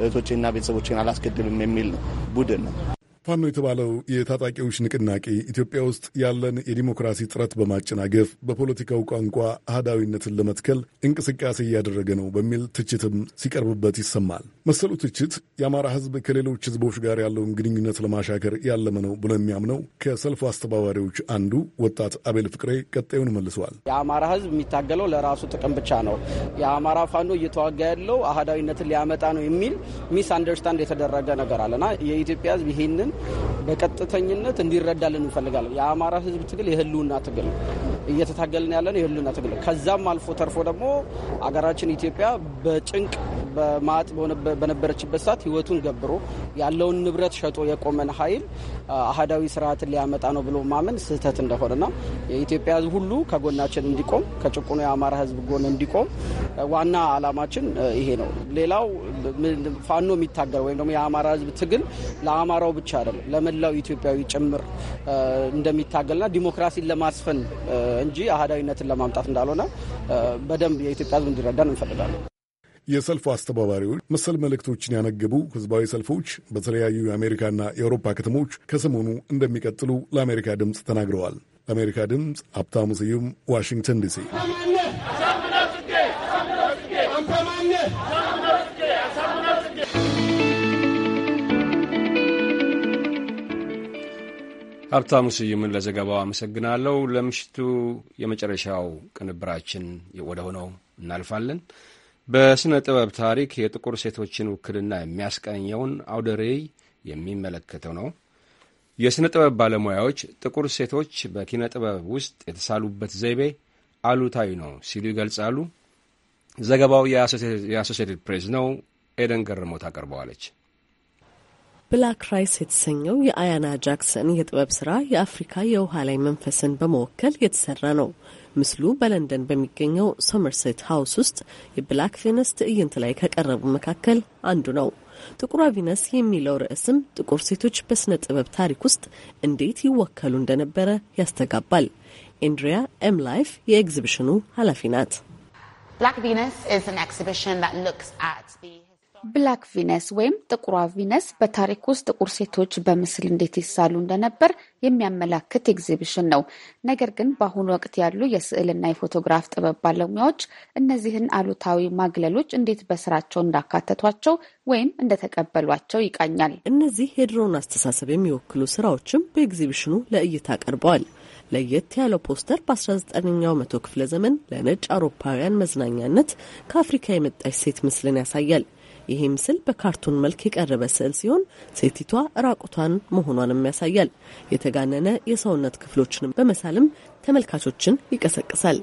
እህቶችና ቤተሰቦችን አላስገድልም የሚል ቡድን ነው። ፋኖ የተባለው የታጣቂዎች ንቅናቄ ኢትዮጵያ ውስጥ ያለን የዲሞክራሲ ጥረት በማጨናገፍ በፖለቲካው ቋንቋ አህዳዊነትን ለመትከል እንቅስቃሴ እያደረገ ነው በሚል ትችትም ሲቀርብበት ይሰማል። መሰሉ ትችት የአማራ ሕዝብ ከሌሎች ሕዝቦች ጋር ያለውን ግንኙነት ለማሻከር ያለመ ነው ብሎ የሚያምነው ከሰልፉ አስተባባሪዎች አንዱ ወጣት አቤል ፍቅሬ ቀጣዩን መልሰዋል። የአማራ ሕዝብ የሚታገለው ለራሱ ጥቅም ብቻ ነው። የአማራ ፋኖ እየተዋጋ ያለው አህዳዊነትን ሊያመጣ ነው የሚል ሚስ አንደርስታንድ የተደረገ ነገር አለና የኢትዮጵያ ሕዝብ ይህንን በቀጥተኝነት እንዲረዳልን እንፈልጋለን። የአማራ ህዝብ ትግል የህልውና ትግል እየተታገልን ያለን የህልውና ትግል ከዛም አልፎ ተርፎ ደግሞ አገራችን ኢትዮጵያ በጭንቅ በማጥ በነበረችበት ሰዓት ህይወቱን ገብሮ ያለውን ንብረት ሸጦ የቆመን ኃይል አህዳዊ ስርዓትን ሊያመጣ ነው ብሎ ማመን ስህተት እንደሆነና የኢትዮጵያ ህዝብ ሁሉ ከጎናችን እንዲቆም ከጭቁኑ የአማራ ህዝብ ጎን እንዲቆም ዋና አላማችን ይሄ ነው። ሌላው ፋኖ የሚታገል ወይም ደግሞ የአማራ ህዝብ ትግል ለአማራው ብቻ አይደለም ለመላው ኢትዮጵያዊ ጭምር እንደሚታገልና ዲሞክራሲን ለማስፈን እንጂ አህዳዊነትን ለማምጣት እንዳልሆነ በደንብ የኢትዮጵያ ሕዝብ እንዲረዳን እንፈልጋለን። የሰልፉ አስተባባሪዎች መሰል መልእክቶችን ያነገቡ ህዝባዊ ሰልፎች በተለያዩ የአሜሪካና የአውሮፓ ከተሞች ከሰሞኑ እንደሚቀጥሉ ለአሜሪካ ድምፅ ተናግረዋል። ለአሜሪካ ድምፅ ሀብታሙ ስዩም ዋሽንግተን ዲሲ ሀብታሙ ስዩምን ለዘገባው አመሰግናለሁ። ለምሽቱ የመጨረሻው ቅንብራችን ወደ ሆነው እናልፋለን። በሥነ ጥበብ ታሪክ የጥቁር ሴቶችን ውክልና የሚያስቀኘውን አውደ ርዕይ የሚመለከተው ነው። የሥነ ጥበብ ባለሙያዎች ጥቁር ሴቶች በኪነ ጥበብ ውስጥ የተሳሉበት ዘይቤ አሉታዊ ነው ሲሉ ይገልጻሉ። ዘገባው የአሶሴትድ ፕሬስ ነው። ኤደን ገርሞት አቀርበዋለች። ብላክ ራይስ የተሰኘው የአያና ጃክሰን የጥበብ ስራ የአፍሪካ የውሃ ላይ መንፈስን በመወከል የተሰራ ነው። ምስሉ በለንደን በሚገኘው ሶመርሴት ሃውስ ውስጥ የብላክ ቬነስ ትዕይንት ላይ ከቀረቡ መካከል አንዱ ነው። ጥቁሯ ቪነስ የሚለው ርዕስም ጥቁር ሴቶች በሥነ ጥበብ ታሪክ ውስጥ እንዴት ይወከሉ እንደነበረ ያስተጋባል። ኤንድሪያ ኤም ላይፍ የኤግዚቢሽኑ ኃላፊ ናት። ብላክ ቪነስ ወይም ጥቁሯ ቪነስ በታሪክ ውስጥ ጥቁር ሴቶች በምስል እንዴት ይሳሉ እንደነበር የሚያመላክት ኤግዚቢሽን ነው። ነገር ግን በአሁኑ ወቅት ያሉ የስዕልና የፎቶግራፍ ጥበብ ባለሙያዎች እነዚህን አሉታዊ ማግለሎች እንዴት በስራቸው እንዳካተቷቸው ወይም እንደተቀበሏቸው ይቃኛል። እነዚህ የድሮውን አስተሳሰብ የሚወክሉ ስራዎችም በኤግዚቢሽኑ ለእይታ ቀርበዋል። ለየት ያለው ፖስተር በ19ኛው መቶ ክፍለ ዘመን ለነጭ አውሮፓውያን መዝናኛነት ከአፍሪካ የመጣች ሴት ምስልን ያሳያል። ይህ ምስል በካርቱን መልክ የቀረበ ስዕል ሲሆን ሴቲቷ ራቁቷን መሆኗንም ያሳያል። የተጋነነ የሰውነት ክፍሎችንም በመሳልም ተመልካቾችን ይቀሰቅሳል።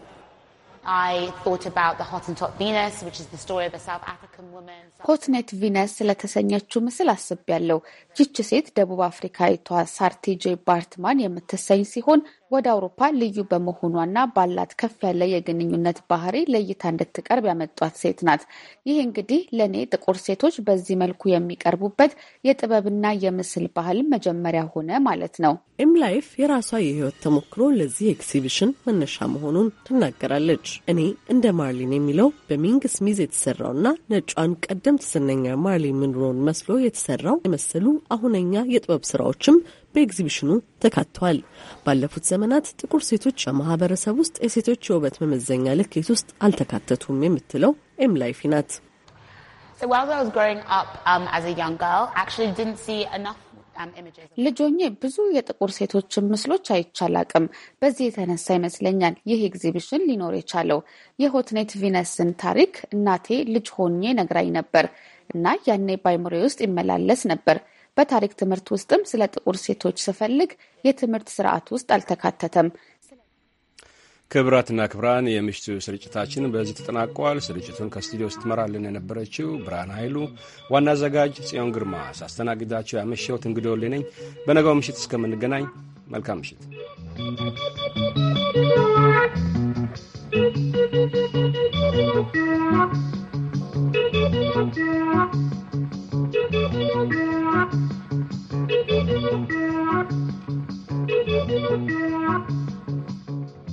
ሆትኔት ቪነስ ስለተሰኘችው ምስል አስቤያለሁ። ይቺ ሴት ደቡብ አፍሪካዊቷ ሳርቲጄ ባርትማን የምትሰኝ ሲሆን ወደ አውሮፓ ልዩ በመሆኗና ባላት ከፍ ያለ የግንኙነት ባህሪ ለእይታ እንድትቀርብ ያመጧት ሴት ናት። ይህ እንግዲህ ለእኔ ጥቁር ሴቶች በዚህ መልኩ የሚቀርቡበት የጥበብና የምስል ባህል መጀመሪያ ሆነ ማለት ነው። ኤም ላይፍ የራሷ የህይወት ተሞክሮ ለዚህ ኤግዚቢሽን መነሻ መሆኑን ትናገራለች። እኔ እንደ ማርሊን የሚለው በሚንግ ስሚዝ የተሰራውና ነጯን ቀደምት ዝነኛ ማርሊን ምንሮን መስሎ የተሰራው የመሰሉ አሁነኛ የጥበብ ስራዎችም በኤግዚቢሽኑ ተካተዋል። ባለፉት ዘመናት ጥቁር ሴቶች በማህበረሰብ ውስጥ የሴቶች የውበት መመዘኛ ልኬት ውስጥ አልተካተቱም የምትለው ኤም ላይፊ ናት። um, um, ልጆኜ ብዙ የጥቁር ሴቶችን ምስሎች አይቻላቅም። በዚህ የተነሳ ይመስለኛል ይህ ኤግዚቢሽን ሊኖር የቻለው። የሆትኔት ቪነስን ታሪክ እናቴ ልጅ ሆኜ ነግራኝ ነበር እና ያኔ ባይሞሬ ውስጥ ይመላለስ ነበር። በታሪክ ትምህርት ውስጥም ስለ ጥቁር ሴቶች ስፈልግ የትምህርት ስርዓት ውስጥ አልተካተተም። ክብራትና ክብራን የምሽቱ ስርጭታችን በዚህ ተጠናቋል። ስርጭቱን ከስቱዲዮ ስትመራልን የነበረችው ብርሃን ኃይሉ፣ ዋና አዘጋጅ ጽዮን ግርማ፣ ሳስተናግዳቸው ያመሸሁት እንግዲህ ወሌ ነኝ። በነጋው ምሽት እስከምንገናኝ መልካም ምሽት።